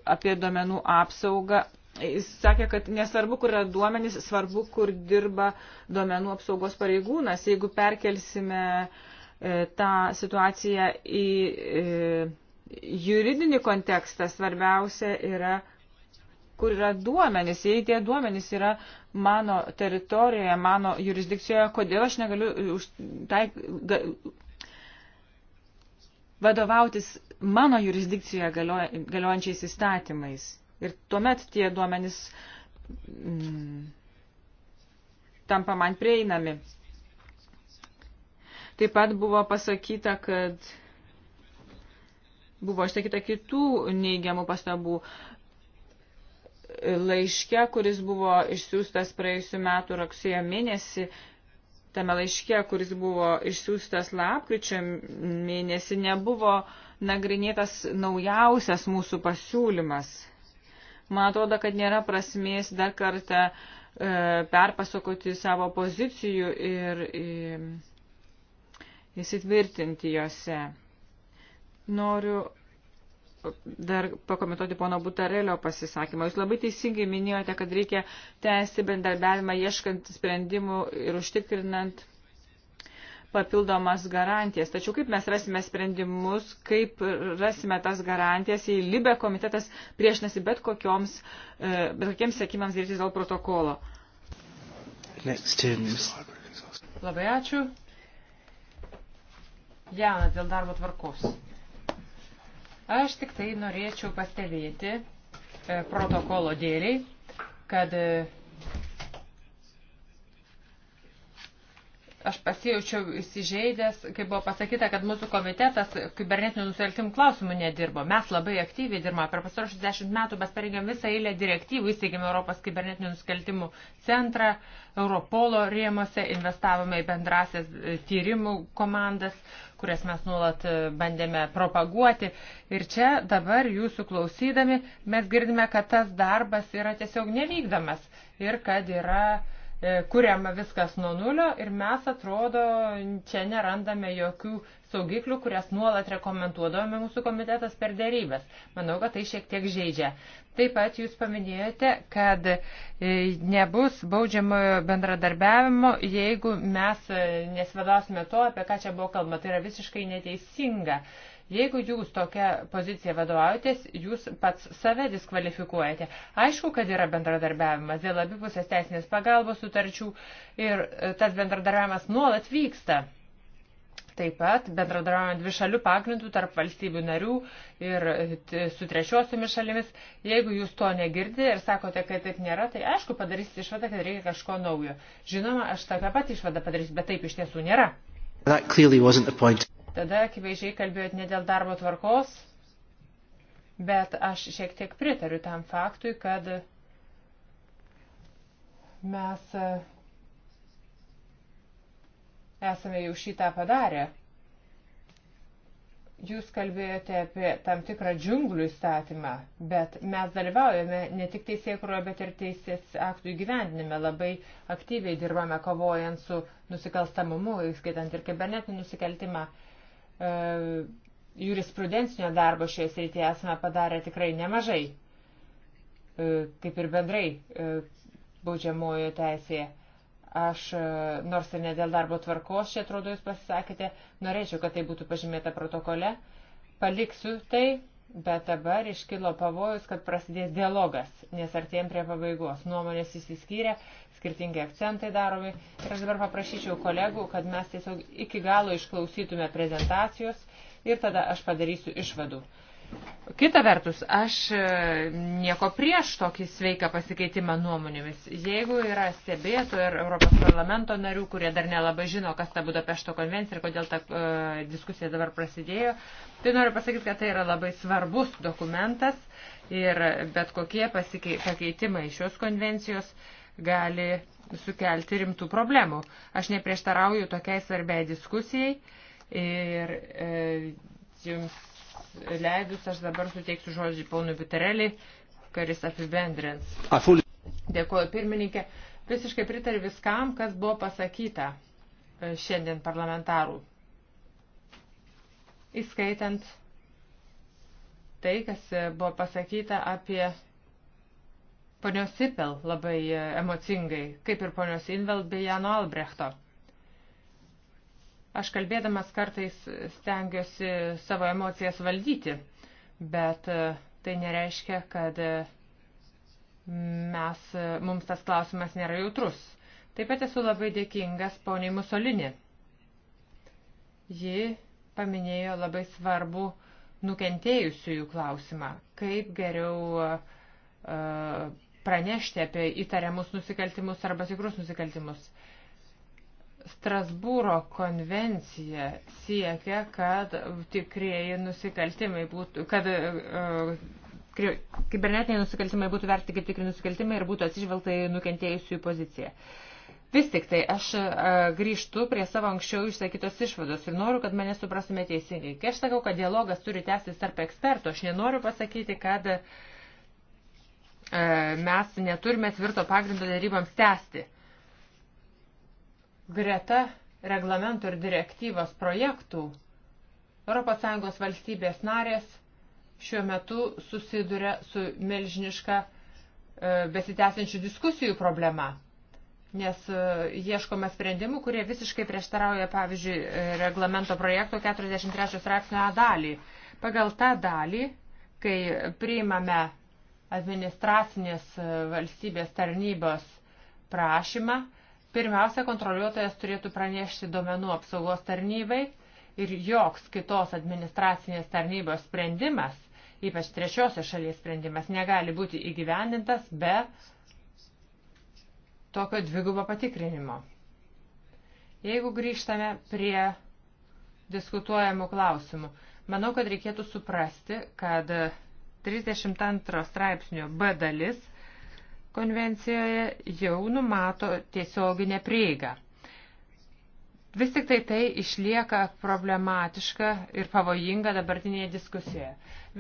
apie duomenų apsaugą. Jis sakė, kad nesvarbu, kur yra duomenys, svarbu, kur dirba duomenų apsaugos pareigūnas. Jeigu perkelsime e, tą situaciją į e, juridinį kontekstą, svarbiausia yra, kur yra duomenys. Jei tie duomenys yra mano teritorijoje, mano jurisdikcijoje, kodėl aš negaliu už tai, vadovautis mano jurisdikcijoje galioja, galiojančiais įstatymais. Ir tuomet tie duomenys mm, tampa man prieinami. Taip pat buvo pasakyta, kad buvo išsakyta kitų neigiamų pastabų laiške, kuris buvo išsiųstas praėjusiu metu rugsėjo mėnesį. Tame laiške, kuris buvo išsiųstas lapkričio mėnesį, nebuvo uh, nagrinėtas naujausias mūsų pasiūlymas. Man atrodo, kad nėra prasmės dar kartą e, perpasakoti savo pozicijų ir e, įsitvirtinti juose. Noriu dar pakomentuoti pono Butarelio pasisakymą. Jūs labai teisingai minėjote, kad reikia tęsti bendarbiavimą, ieškant sprendimų ir užtikrinant papildomas garantijas. Tačiau kaip mes rasime sprendimus, kaip rasime tas garantijas, jei Libe komitetas priešinasi bet, kokioms, e, bet kokiems sėkimams daryti dėl protokolo. Labai ačiū. Jana, dėl darbo tvarkos. Aš tik tai norėčiau pastebėti e, protokolo dėliai, kad e, aš pasijaučiau įsižeidęs, kai buvo pasakyta, kad mūsų komitetas kibernetinių nusikaltimų klausimų nedirbo. Mes labai aktyviai dirbame. Per pastaruosius dešimt metų mes parengėm visą eilę direktyvų, įsteigėme Europos kibernetinių nusikaltimų centrą, Europolo rėmose, investavome į bendrasias e, tyrimų komandas, kurias mes nuolat e, bandėme propaguoti. Ir čia dabar jūsų klausydami mes girdime, kad tas darbas yra tiesiog nevykdamas ir kad yra uh, E, kuriama viskas nuo nulio ir mes atrodo čia nerandame jokių saugiklių, kurias nuolat rekomenduodavome mūsų komitetas per dėrybės. Manau, kad tai šiek tiek žaidžia. Taip pat jūs paminėjote, kad e, nebus baudžiamojo bendradarbiavimo, jeigu mes e, nesvedosime to, apie ką čia buvo kalbama. Tai yra visiškai neteisinga. Jeigu jūs tokią poziciją vadovaujatės, jūs pats save diskvalifikuojate. Aišku, kad yra bendradarbiavimas dėl abipusės teisinės pagalbos sutarčių ir e, tas bendradarbiavimas nuolat vyksta. Taip pat bendradarbiaujant dvi šalių pagrindų tarp valstybių narių ir e, su trečiosiomis šalimis, jeigu jūs to negirdite ir sakote, kad taip nėra, tai aišku padarysite išvadą, kad reikia kažko naujo. Žinoma, aš tokią pat išvadą padarysiu, bet taip iš tiesų nėra. That clearly wasn't the point. Tada akivaizdžiai kalbėjot ne dėl darbo tvarkos, bet aš šiek tiek pritariu tam faktui, kad mes e, esame jau šitą padarę. Jūs kalbėjote apie tam tikrą džiunglių įstatymą, bet mes dalyvaujame ne tik teisėkroje, bet ir teisės aktų įgyvendinime. Labai aktyviai dirbame kovojant su nusikalstamumu, įskaitant ir kibernetinį nusikaltimą. Uh, E, jurisprudencinio darbo šioje srityje esame padarę tikrai nemažai, e, kaip ir bendrai e, baudžiamojo teisėje aš, nors ir ne dėl darbo tvarkos, čia atrodo jūs pasisakėte, norėčiau, kad tai būtų pažymėta protokole, paliksiu tai bet dabar iškilo pavojus, kad prasidės dialogas, nes artėjom prie pabaigos. Nuomonės įsiskyrė, skirtingi akcentai daromi. Ir aš dabar paprašyčiau kolegų, kad mes tiesiog iki galo išklausytume prezentacijos ir tada aš padarysiu išvadų. Kita vertus, aš e, nieko prieš tokį sveiką pasikeitimą nuomonėmis. Jeigu yra stebėtojų ir Europos parlamento narių, kurie dar nelabai žino, kas ta Budapešto konvencija ir kodėl ta e, diskusija dabar prasidėjo, tai noriu pasakyti, kad tai yra labai svarbus dokumentas ir bet kokie pakeitimai šios konvencijos gali sukelti rimtų problemų. Aš neprieštarauju tokiai svarbiai diskusijai ir e, jums leidus, aš dabar suteiksiu žodžiį ponui Buterelį, kuris apibendrins. Dėkuoju pirmininkė. Visiškai pritariu viskam, kas buvo pasakyta e, šiandien parlamentarų. Įskaitant tai, kas e, buvo pasakyta apie ponios Sipel labai e, emocingai, kaip ir ponios Invel bei Jano Albrechto. Aš kalbėdamas kartais stengiuosi savo emocijas valdyti, bet e, tai nereiškia, kad e, mes, e, mums tas klausimas nėra jautrus. Taip pat esu labai dėkingas poniai Musolini. Ji paminėjo labai svarbu nukentėjusiųjų klausimą, kaip geriau uh, pranešti apie įtariamus nusikaltimus arba tikrus nusikaltimus. Uh, Strasbūro konvencija siekia, kad tikrieji nusikaltimai būtų, kad uh, kibernetiniai nusikaltimai būtų verti kaip tikri nusikaltimai ir būtų atsižvelgta į nukentėjusiųjų poziciją. Vis tik tai aš a, uh, grįžtu prie savo anksčiau išsakytos išvados ir noriu, kad mane suprasume teisingai. Kai aš sakau, kad dialogas turi tęstis tarp ekspertų, aš nenoriu pasakyti, kad a, uh, mes neturime tvirto pagrindo darybams tęsti. A, greta reglamento ir direktyvos projektų ES valstybės narės šiuo metu susiduria su milžiniška e, besitęsiančių diskusijų problema, nes e, ieškoma sprendimų, kurie visiškai prieštarauja, pavyzdžiui, e, reglamento projekto 43 straipsnio dalį. Pagal tą dalį, kai priimame administracinės valstybės tarnybos prašymą, Pirmiausia, kontroliuotojas turėtų pranešti duomenų apsaugos tarnybai ir joks kitos administracinės tarnybos sprendimas, ypač trečiosios šalies sprendimas, negali būti įgyvendintas be tokio dvigubo patikrinimo. Jeigu grįžtame prie diskutuojamų klausimų, manau, kad reikėtų suprasti, kad 32 straipsnio B dalis – konvencijoje jau numato tiesioginę prieigą. Vis tik tai tai išlieka problematiška ir pavojinga dabartinėje diskusijoje.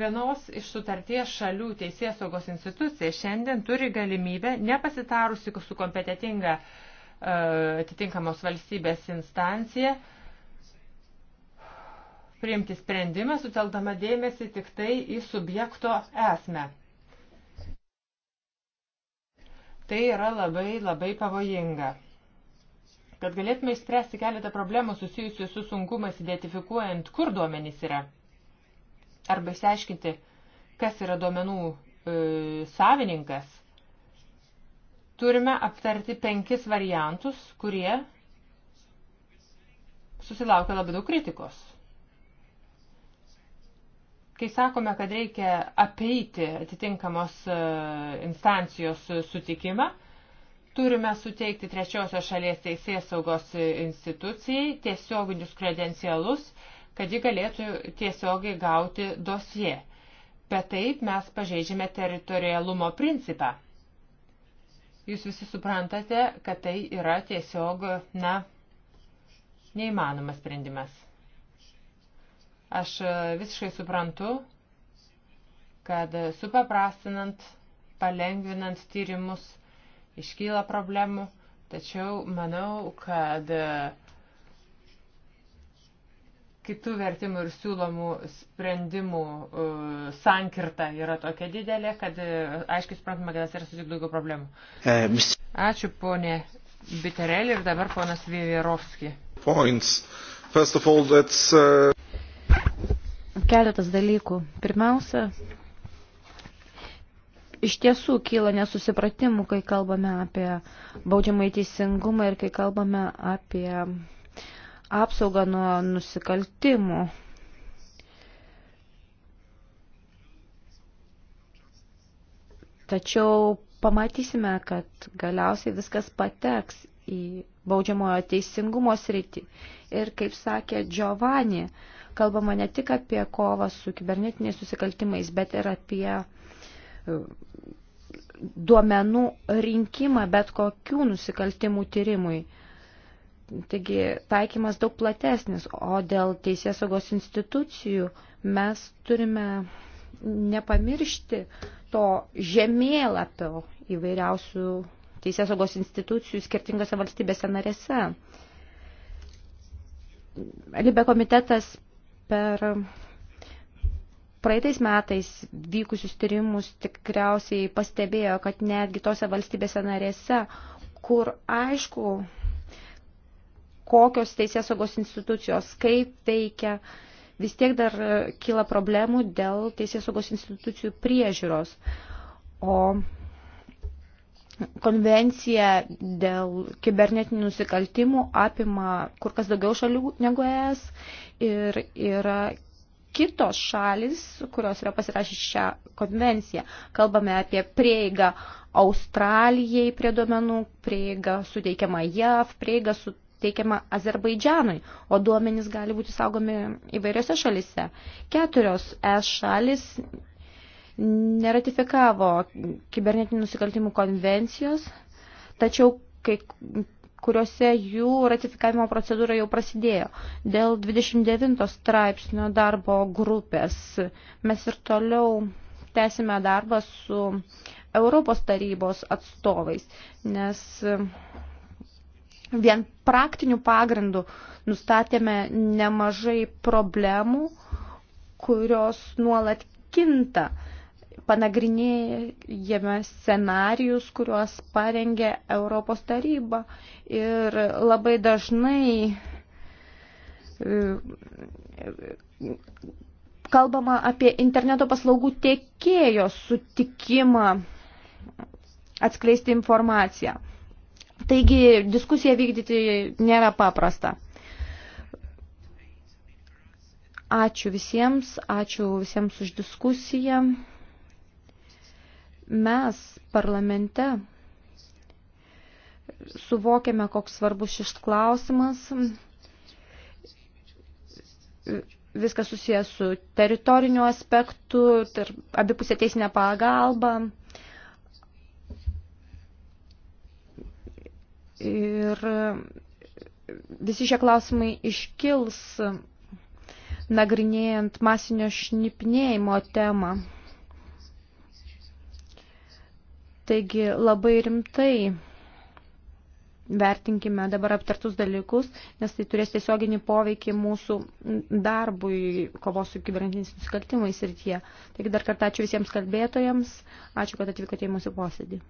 Vienos iš sutarties šalių teisės saugos institucija šiandien turi galimybę, nepasitarusi su kompetitinga e, atitinkamos valstybės instancija, priimti sprendimą, suteldama dėmesį tik tai į subjekto esmę. Tai yra labai labai pavojinga. Kad galėtume išspręsti keletą problemų susijusių su sunkumais identifikuojant, kur duomenys yra, arba išsiaiškinti, kas yra duomenų e, savininkas, turime aptarti penkis variantus, kurie susilaukia labai daug kritikos. Kai sakome, kad reikia apeiti atitinkamos e, instancijos e, sutikimą, turime suteikti trečiosios šalies teisės saugos institucijai tiesioginius kredencialus, kad ji galėtų tiesiogiai gauti dosie. Bet taip mes pažeidžiame teritorialumo principą. Jūs visi suprantate, kad tai yra tiesiog, na, neįmanomas sprendimas. Aš e, visiškai suprantu, kad supaprastinant, palengvinant tyrimus iškyla problemų, tačiau manau, kad e, kitų vertimų ir siūlomų sprendimų uh, sankirta yra tokia didelė, kad uh, aiškiai suprantama, kad atsiras tik daugiau problemų. Ačiū ponė Biterelį ir dabar ponas Vėvėrovski. Points. First of all, that's, uh... Keletas dalykų. Pirmiausia, iš tiesų kyla nesusipratimų, kai kalbame apie baudžiamą į teisingumą ir kai kalbame apie apsaugą nuo nusikaltimų. Tačiau pamatysime, kad galiausiai viskas pateks į baudžiamojo teisingumo sritį. Ir kaip sakė Giovanni, uh, kalbama ne tik apie kovą su kibernetiniais susikaltimais, bet ir apie e, duomenų rinkimą bet kokių nusikaltimų tyrimui. Taigi taikymas daug platesnis, o dėl teisės saugos institucijų mes turime nepamiršti to žemėlapio įvairiausių teisės saugos institucijų skirtingose valstybėse narėse. Libe komitetas Per praeitais metais vykusius tyrimus tikriausiai pastebėjo, kad netgi tose valstybėse narėse, kur aišku, kokios teisės saugos institucijos, kaip veikia, vis tiek dar kyla problemų dėl teisės saugos institucijų priežiūros. O konvencija dėl kibernetinių nusikaltimų apima kur kas daugiau šalių negu ES ir yra kitos šalis, kurios yra pasirašę šią konvenciją. Kalbame apie prieigą Australijai prie duomenų, prieigą suteikiamą JAV, prieigą suteikiamą Azerbaidžianui, o duomenys gali būti saugomi įvairiose šalise. Keturios ES šalis neratifikavo kibernetinių nusikaltimų konvencijos, tačiau kai kuriuose jų ratifikavimo procedūra jau prasidėjo. Dėl 29 straipsnio darbo grupės mes ir toliau tęsime darbą su Europos tarybos atstovais, nes vien praktinių pagrindų nustatėme nemažai problemų, kurios nuolat kinta panagrinėjame scenarius, kuriuos parengė Europos taryba ir labai dažnai e, kalbama apie interneto paslaugų tiekėjo sutikimą atskleisti informaciją. Taigi diskusiją vykdyti nėra paprasta. Ačiū visiems, ačiū visiems už diskusiją. Mes parlamente suvokiame, koks svarbus šis klausimas. Viskas susijęs su teritoriniu aspektu, abipusė teisinė pagalba. Ir visi šie klausimai iškils nagrinėjant masinio šnipinėjimo temą. Taigi labai rimtai vertinkime dabar aptartus dalykus, nes tai turės tiesioginį poveikį mūsų darbui kovos su kibernetiniais nusikaltimais ir tie. Taigi dar kartą ačiū visiems kalbėtojams, ačiū, kad atvykote į mūsų posėdį.